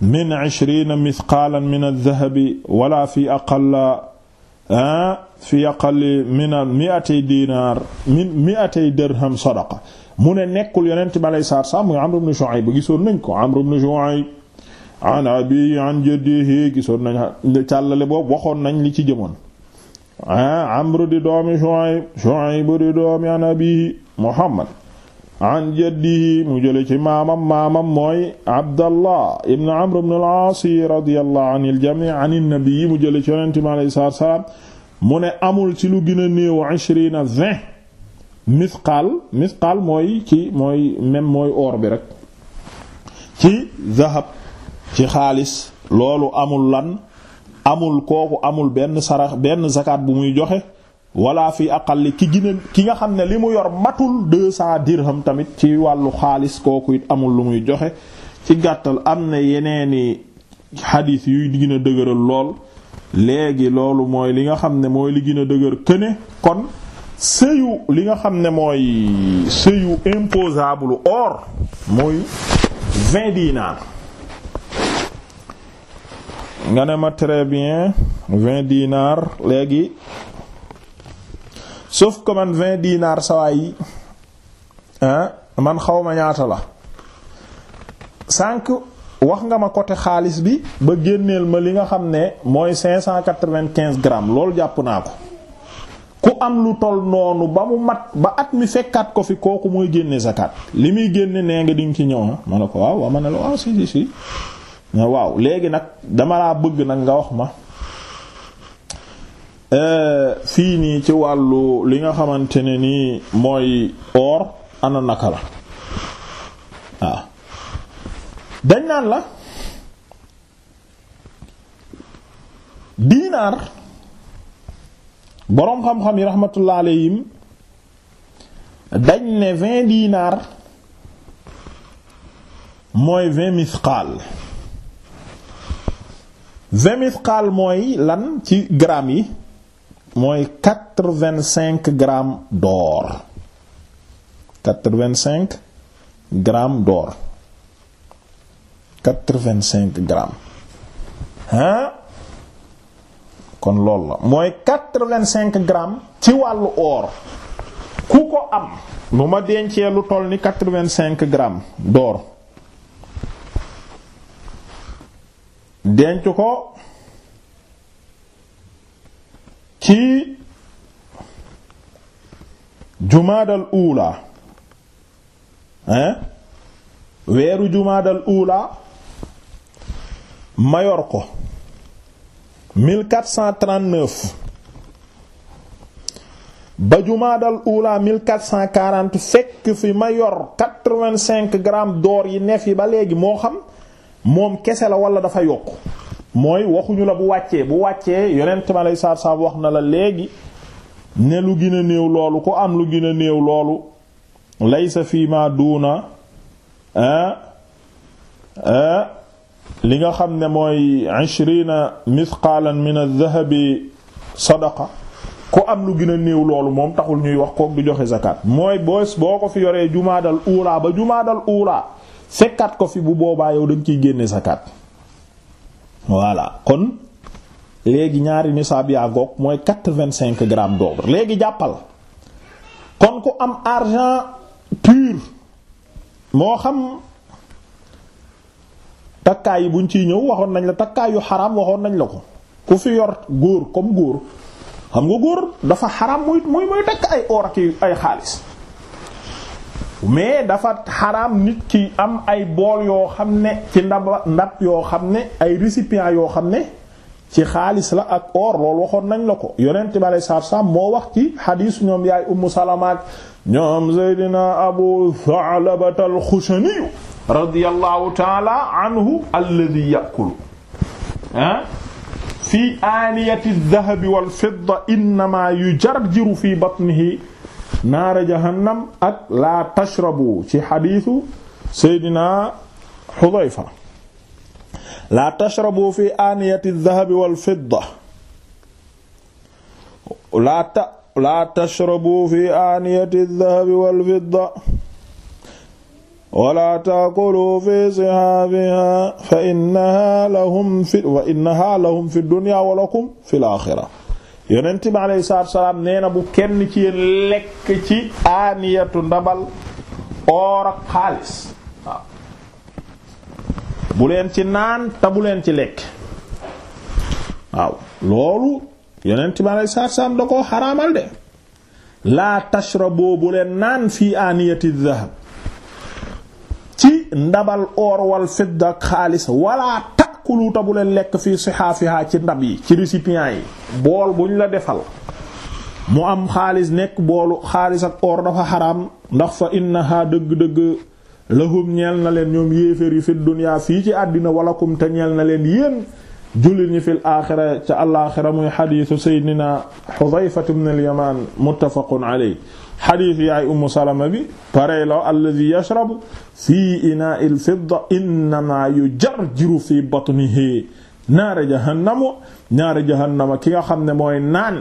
min ishrina mithqaalan min aldahabi wala fi aqalla ah, fi aqalli min mi'atay dinaar min mi'atay dirham sadaqa mu ne nekkul yonent bi alayhi salaatu salaam muy Amr ibn Shu'ayb gisoon nañ ko Amr ibn Shu'ayb an abi an jaddihi gisoon nañ càllale boobu waxoon nañ li ci jëmoon ah Amr di doomi Shu'ayb Shu'ayb di doomi an abihi Muhammad an jaddihi mu jële ci maamam maamam mooy abdallah ibn amr ibn al-aas radiyallahu anil jamii mu jële ci yonente mi alayhi salaam mu ne amul ci lu gën a néew ishrina vingt misqaal mooy ci mooy même mooy or bi rek ci zahab ci xaalis loolu amul lan amul kooku amul benn sarax benn zakat bu muy joxe wala fi aqalli ki gina ki nga xam ne li mu yor matul deux cent dirham tamit ci wàllu xaalis kooku amul lu muy joxe ci gàttal am na yeneeni xadiis yuy gën a dëgëral lool léegi loolu mooy li nga xam ne mooy li gën dëgër këne kon sëyu li nga xam ne mooy sëyu imposable or mooy vingt dinar nga ne ma très bien vingt dinar léegi sauf que man vingt dinaar sawaay man xaw ma ñaata la sànq wax nga ma côté xaalis bi ba génneel ma li nga xam ne mooy cinq cent quatre-vingt-quinze loolu jàpp naa ko ku am lu toll noonu ba mu mat ba at mi fekkaat ko fi kooku mooy génne zakat li muy génne nee nga di ci ñëw ah. ma ne ko waaw waaw ma ne la waaw si si si waaw léegi nag dama laa bëgg nag nga wax ma. Euh, fii nii ci wàllu li nga xamante ne nii mooy or ana naka la waaw dañ naan la diinaar boroom xam-xam yi rahmatullah alayhim dañ ne vingt mooy vingt misqaal vingt misqaal mooy lan ci gramme yi mooy quatre-vingt-cinq grammes d'or quatre-vingt-cinq grammes vingt cinq grammes hein kon loolu la mooy quatre ci wàllu or ku ko am bu ma dencee lu toll ni quatre-vingt-cinq denc ko ci jumaadal uulaa hein weeru jumaadal uulaa mayor ko 1439 ba jumaadal uulaa 1440 fekk fi mayor 85 grammes yi neef yi ba léegi moo xam moom kese la wala dafa yokk mooy waxuñu la bu wàccee bu wàccee yonent ma lay saar wax na la léegi ne lu gën a néew loolu ku am lu gën a néew loolu laysa fii ma duuna ah, ah, li nga xam ne mooy ishrina mithqalan min adh-dhahabi sadaqa ku am lu gën a néew loolu moom taxul ñuy wax kook du joxe zakat mooy boos boo ko fi yoree jumaadal uulaa ba jumaadal uulaa fekkat ko fi bu boobaa yow dañ ciy génne zakat voilà kon léegi ñaari nisaab yaa goog mooy quatre-vingt-cinq grammes d'or léegi jàppal kon ku am argent pur moo xam takkaay yi buñ ciy ñëw waxoon nañ la takkaayu xaram waxoon nañ la ko ku fi yor góor comme góor xam nga góor dafa xaram muy muy muy takk ay or ak ay xaalis mais dafa xaraam nit ki am ay bool yoo xam ne ci ndaba ndab yoo xam ne ay récipients yoo xam ne ci xaalis la ak or loolu waxoon nañ la ko yonent bi alei satu salaam moo wax ci xadiis ñoom yaay ummu salama ak ñoom seydina abu Tha'labata al-Khushani radiyallahu taala anhu alladhi ya'kulu ah fi aaniyati adh-dhahabi wal-fidda innama yujarjiru fi batnihi naara jahannam ak laa tashrabu ci xadiisu seydina xudayfa laa tashrabu fi aaniyati dahabi wal fidda laa ta laa tashrabu fi aaniyati dahabi wal fidda wala taakulu fi sihaabiha fa innaha lahum fi wa innaha lahum fi dunya wa lakum fi al-aaxira yonent bi alayhi salaam nee bu kenn ci yéen lekk ci aaniyatu ndabal oor ak xaalis bu leen ci naan te leen ci lekk waaw loolu yonent bi alayhi salaam da koo xaraamal de laa tashraboo bu leen naan fii aaniyati dahab ci ndabal oor wal fidda ak xaalis wala takkulu ta bu leen lekk fii sihaafiha ci ndab yi ci récipients yi bool bu ñu la defal mu am xaalis nekk boolu xaalis ak or dafa xaraam ndax fa innaha dëgg-dëgg lahum ñeel na leen ñoom yéeféer yi fi dunya fii ci àddina walakum te ñeel na leen yéen jullit ñi fi aaxira ca alaaxira muy xadiisu seydina Xudayfa ibn al-Yamaan muttafaqun alayhi xadiis yaay ummu salama bi parey law alladi yashrabu fii inaa'il fidda innama yujarjiru fii batnihi naara jahannamu naara jahannama ki nga xam ne mooy naan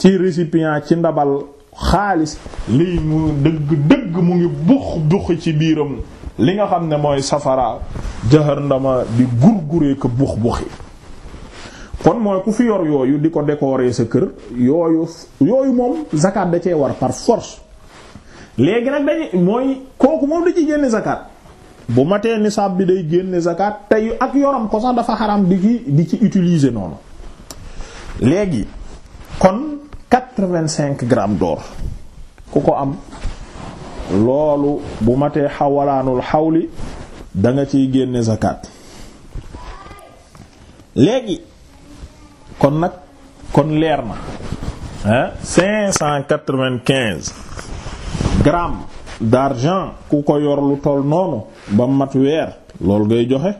ci récipient ci ndabal xaalis lii mu dëgg dëgg mu ngi bux buxi ci biiram li nga xam ne mooy safara jahannama di gurguree ko bux buxi kon mooy ku fi yor yooyu di ko décorer sa kër yooyu yooyu moom zakat da cee war par force léegi nag dañuy mooy kooku moom da ci génne zakat bu matee nisaab bi day génne zakat tey ak yoram ko sax dafa xaram di ci di ci utiliser noonu léegi kon quatre-vingt-cinq grammes d'or ku ko am loolu bu matee xawalaanul xawli da nga ciy génne zakat léegi kon nag kon leer na ah cinq cent quatre vingt d'argent ku ko yor lu toll noonu ba mat weer loolu ngay joxe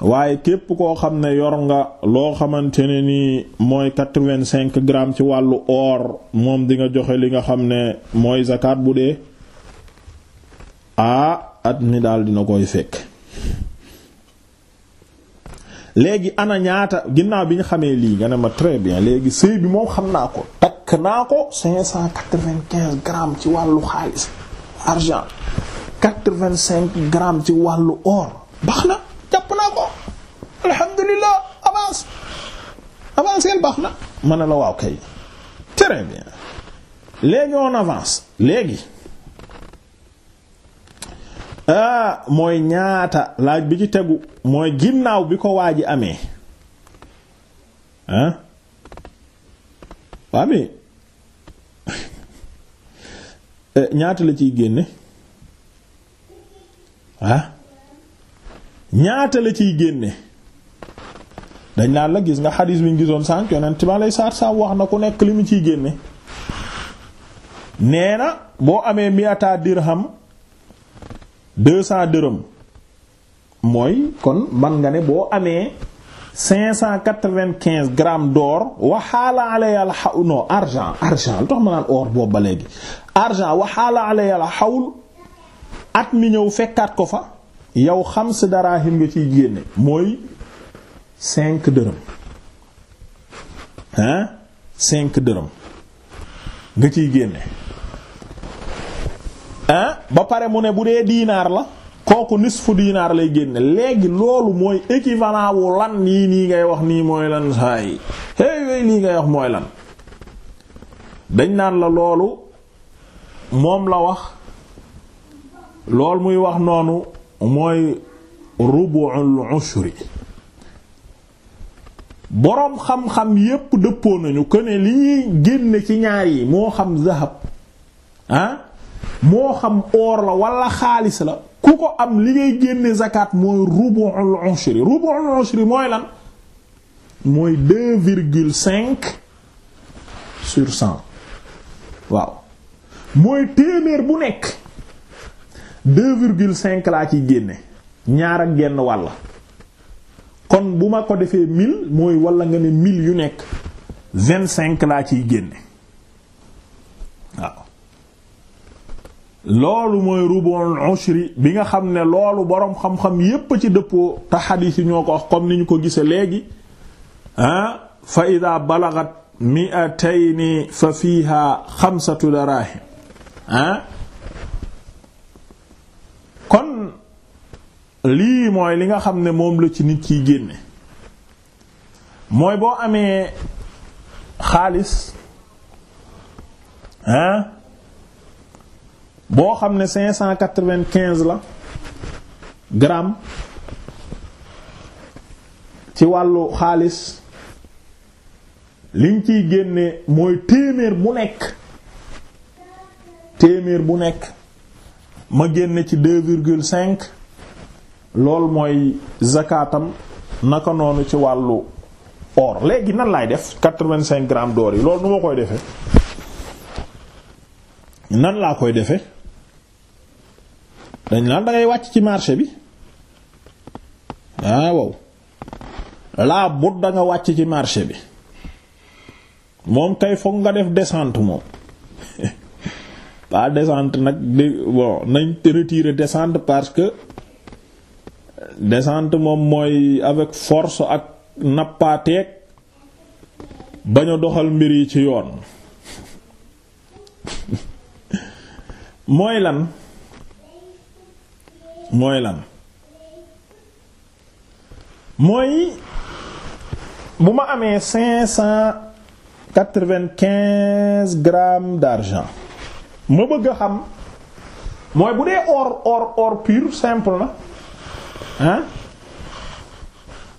waaye képp koo xam ne yor nga loo xamante ne nii mooy quatre-vingt-cinq grammes ci wàllu or moom di nga joxe li nga xam ne mooy zakat bu dee aa ah, at mi daal dina koy fekk léegi ana ñaata ginnaaw bi ñu xamee lii nga ne ma très bien léegi sëy bi moom xam naa ko takk naa ko cinq cent quatre ci wàllu xaalis argent quatre vingt ci wàllu or baax na jàpp naa ko alhamdulilah avance avance baax na mën ne la waaw kay très bien léegi on avance léegi Ah, mooy ñaata laaj bi ci tegu mooy ginnaaw bi ko waa ji amee ah <laughs> eh, ñaata la ciy génne ah ñaata la ciy génne dañ naan la gis nga xadis bi ñu gisoon sànq yonent ma lay saar saa wax na ku nekk li mu ciy génne nee na boo amee miata dirham deux cent dërëm mooy kon man nga ne boo amee cinq cent quatre-vingt-quinze grammes d'or waxaala aleyal xaw non argent argent lu tax ma naan or boobu ba léegi argent waxaala aleyal xawul at mi ñëw fekkaat ko fa yow xam si daraahim nga ciy génne mooy cinq dërëm hein cinq dërëm nga ciy génne ba pare mu ne bu dee dinaar la kooku nisfu diinaar lay génne léegi loolu mooy équivalent wu lan nii nii ngay wax nii mooy lan saa yi hey lii ngay wax mooy lan dañ naan la loolu moom la wax loolu muy wax noonu mooy rubu'ul ushri boroom xam-xam yépp dëppoo nañu que ne li ñuy génne ci ñaar yi moo xam zahab ah moo xam or la wala xaalis la ku ko am li ngay génne zakat mooy rubu'ul ushri rubu'ul ushri mooy lan mooy deux virgule cinq sur cent waaw mooy téeméer bu nekk deux virgule cinq laa ciy génne ñaar ak genn wàll kon bu ma ko defee mil mooy wala nga ne mille yu nekk vingt cinq laa ciy génne loolu mooy rubul ushri bi nga xam ne loolu boroom xam-xam yépp ci dëppoo te xadiis ñoo ko wax comme ni ñu ko gisee léegi ah fa ida balagat mi'atayni fa fiiha xamsatu daraahim ah kon lii mooy li nga xam ne moom la ci nit kiy génne mooy boo amee xaalis ah boo xam ne cinq cent quatre vingt la gramme ci wàllu xaalis liñ ciy génne mooy téeméer bu nekk téeméer bu nekk ma génne ci deux virgule cinq lool mooy zakaatam naka noonu ci wàllu or léegi nan laay def quatre-vingt-cinq grammes yi loolu nu koy defe nan laa koy defee dañ naan da wàcc ci marché bi ah, waaw laa but da nga wàcc ci marché bi moom kay fokk nga def descente moom <laughs> pas descente nag di bon nañ te retirer descente parce que descente moom mooy avec force ak nappaateeg bañ a doxal mbir yi ci yoon <laughs> mooy lan mooy lan mooy bu ma amee cinq cent quatre-vingt-quinze grammes d'argent ma bëgg a xam mooy bu dee or or or pur simple na ah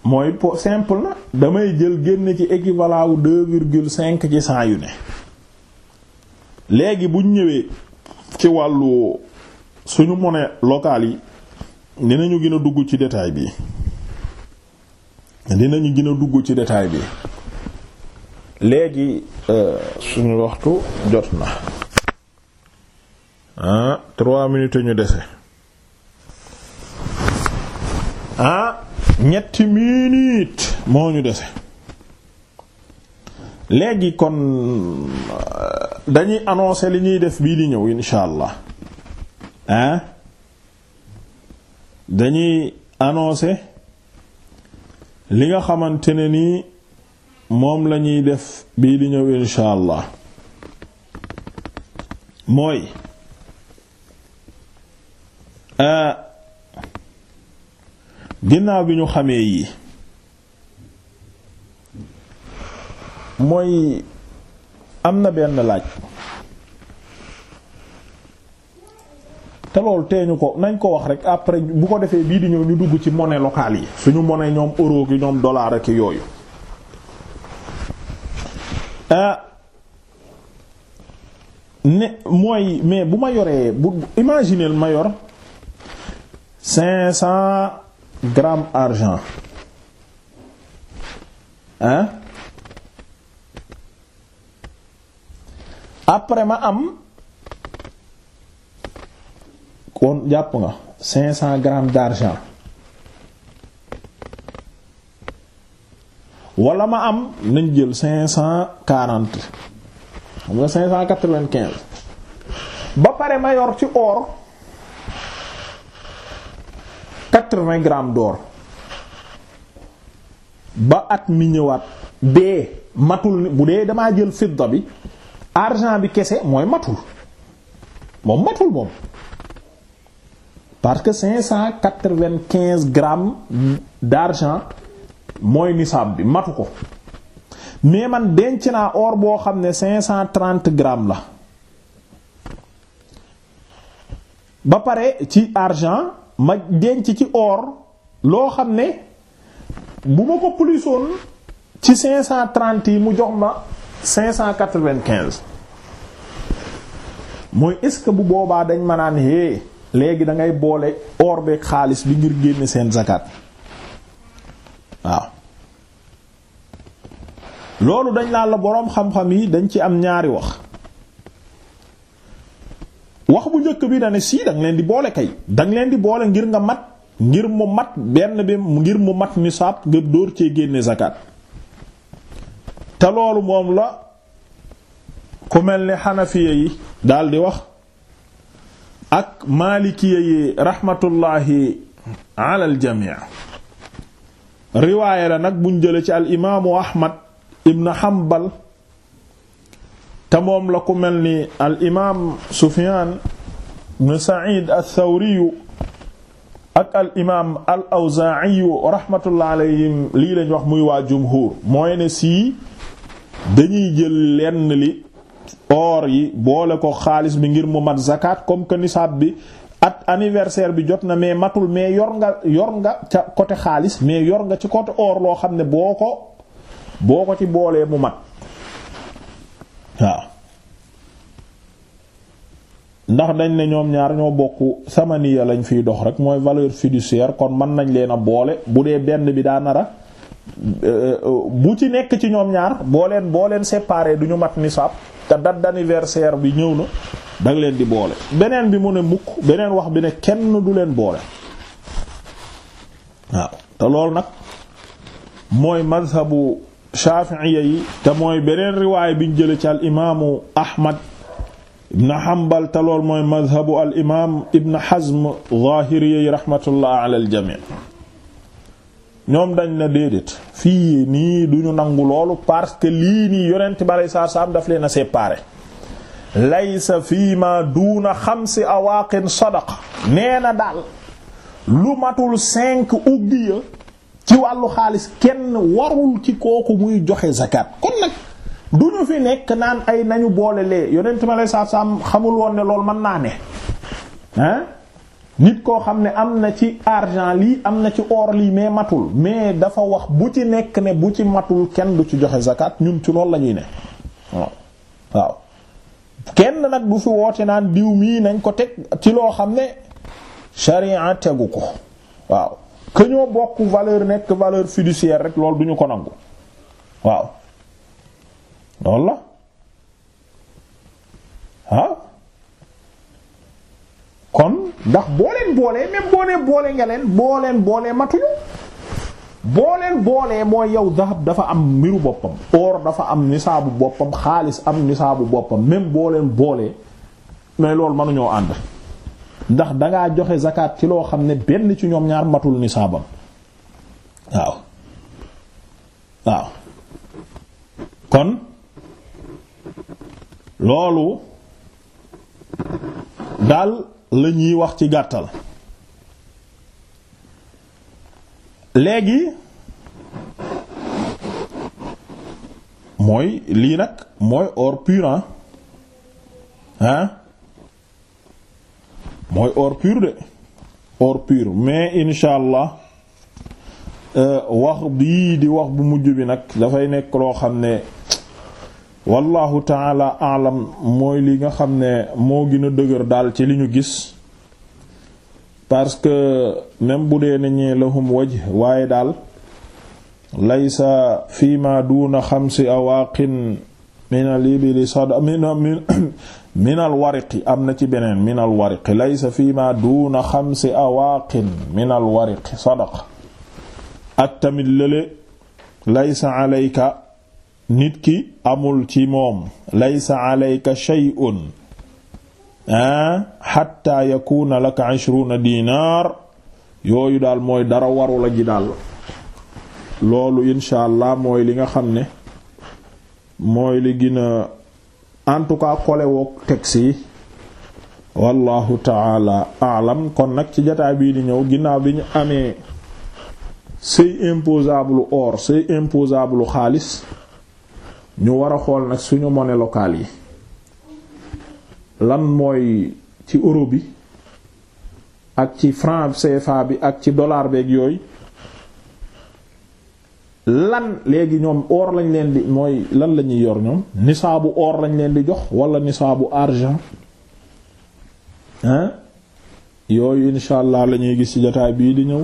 mooy po simple na damay jël génn ci équivalent wu deux virgule cinq ci cent yu ne léegi buñ ñëwee ci wàllu suñu monnaie locale yi dinañu gën a dugg ci détail bi dinañu gën a dugg ci détail bi léegi euh, suñu waxtu jot na ah trois minutes ñu dese ah ñetti minutes moo ñu dese léegi kon euh, dañuy annoncer li ñuy def bii di ñëw insha allah ah dañuy annoncer li nga xamante ne nii moom la ñuy def bii di ñëw insha allah mooy ginnaaw bi ñu xamee yi mooy am na benn laaj te loolu tee ñu ko nañ ko wax rek après bu ko defee bii di ñëw ñu dugg ci monnaie locale yi suñu monnaie ñoom euro gi ñoom dollar ak yooyu ah, ne mooy mais bu ma yoree bu imaginer ma yor cinq cent grammes argent ah? après ma am kon jàpp nga cinq cent grammes d'argent wala ma am nañ jël cinq cent quarante xam nga cinq cent ba pare ma yor ci or quatre-vingts grammes d'or ba at mi ñëwaat bee matul bu dee damaa jël fidda bi argent bi kese mooy matul moom matul moom parce que cinq cent quatre quinze grammes d'argent mooy nisaab bi matu ko mais man denc naa or boo xam ne cinq cent trente grammes la ba pare ci argent ma denc ci or loo xam ne bu ma ko plusoon ci cinq cent yi mu jox ma cinq cent mooy est-ce que bu boobaa dañ ma naan hé léegi da ngay boole or beeg xaalis bi ngir génne seen zakat waaw loolu dañ naan la boroom xam-xam yi dañ ci am ñaari wax wax bu njëkk bi dane sii danga leen di boole kay danga leen di boole ngir nga mat ngir mu mat benn bi ngir mu mat nisaab nga dóor cee génne zakat te loolu moom la ku mel ni xanafiya yi daal di wax ak maalikiya yi raxmatullaahi alal jamii riwaaya la nag buñ jële ci al imaamu ahmad ibn hanbal te moom la ku mel ni al imaam sufiyaan ibn said al thawriyu ak al imaam al awzaa'iyu raxmatullah alayhim lii lañ wax muy waa jumhur mooy ne sii dañuy jël lenn li or yi boole ko xaalis bi ngir mu mat zakat comme que nisaab bi at anniversaire bi jot na mais matul mais yor nga yor nga ca côté xaalis mais yor nga ci côté or loo xam ne boo ko boo ko ci boolee mu mat waaw ndax dañ ne ñoom ñaar ñoo bokk sama niya lañ fiy dox rek mooy valeur fiduciaire kon mën nañ leen a boole bu dee benn bi daa nara Euh, bu ci nekk ci ñoom ñaar boo leen boo leen séparé duñu mat nisaab te date d'anniversaire bi ñëw na danga leen di boole beneen bi mu ne mukk beneen wax bi ne kenn du leen boole waaw te loolu nag mooy mazhabu shafi'iyya yi te mooy beneen riwaay biñ jële ci al imaamu ahmad ibn hanbal te loolu mooy mazhabu al imaam ibn hazm zahiriyya yi rahmatullah ala al jami' ñoom dañ na déedéet fii nii duñu nangu loolu parce que lii nii yonent balay saa saam daf leen a séparé laysa fii ma duuna xam awaaqin sadaqa nee na daal lu matul cinq ugiya ci wàllu xaalis kenn warul ci kooku muy joxe zakat kon nag duñu fi nekk naan ay nañu boole lee yonent balay saa saam xamul woon ne lool mën naa ne ah nit koo xam ne am na ci argent lii am na ci or lii mais matul mais dafa wax bu ci nekk ne bu ci matul kenn du ci joxe zakat ñun ci loolu lañuy ne waaw kenn nag du fi woote naan diw mii nañ ko teg ci loo xam ne charia tegu ko waaw que ñoo bokk valeur nekk valeur fiduciaire rek loolu du ñu ko nangu waaw loolu la kon ndax boo leen boolee même boo nee boole nga leen boo leen boolee matuñu boo leen boolee mooy yow dahab dafa am mbiru boppam or dafa am nisaabu boppam xaalis am nisaabu boppam même boo leen boolee mais loolu mënuñoo ànd ndax danga joxe zakat ci loo xam ne benn ci ñoom ñaar matul nisaabam waaw waaw kon loolu daal la ñuy wax ci gàttal léegi mooy lii nag mooy or pur hein mooy or pur de or pur mais insha allah euh, wax bii di wax bu mujj bi nag dafay nekk loo xam ne wallahu taala alam mooy li nga xam ne moo gën a dëgër daal ci li ñu gis parce que même bu dee nañee lahum waj waaye daal laysa fi ma duuna xamsi awaaqin min al ibli min <coughs> al wariqi am na ci beneen min al wariqi laysa fi ma duuna xamsi awaaqin min al sadaq ak tamit lële laysa alayka nit ki amul ci moom laysa alayka shay'un ah hatta yakuna laka ishruna dinar yooyu daal mooy dara waru ji daal loolu allah mooy li nga xam ne mooy li gën en tout cas xolewook texte yi wallahu taala alam kon nag ci jataay bii di ñëw ginnaaw bi ñu amee sëy imposable or sëy imposable xaalis ñu war a xool nag suñu monnaie locale yi lan mooy ci euro bi ak ci franc CFA bi ak ci dollar beeg yooyu lan léegi ñoom or lañ leen di mooy lan la ñuy yor ñoom nisaabu or lañ leen di jox walla nisaabu argent hein yooyu insha allah la gis ci jotaay bii di ñëw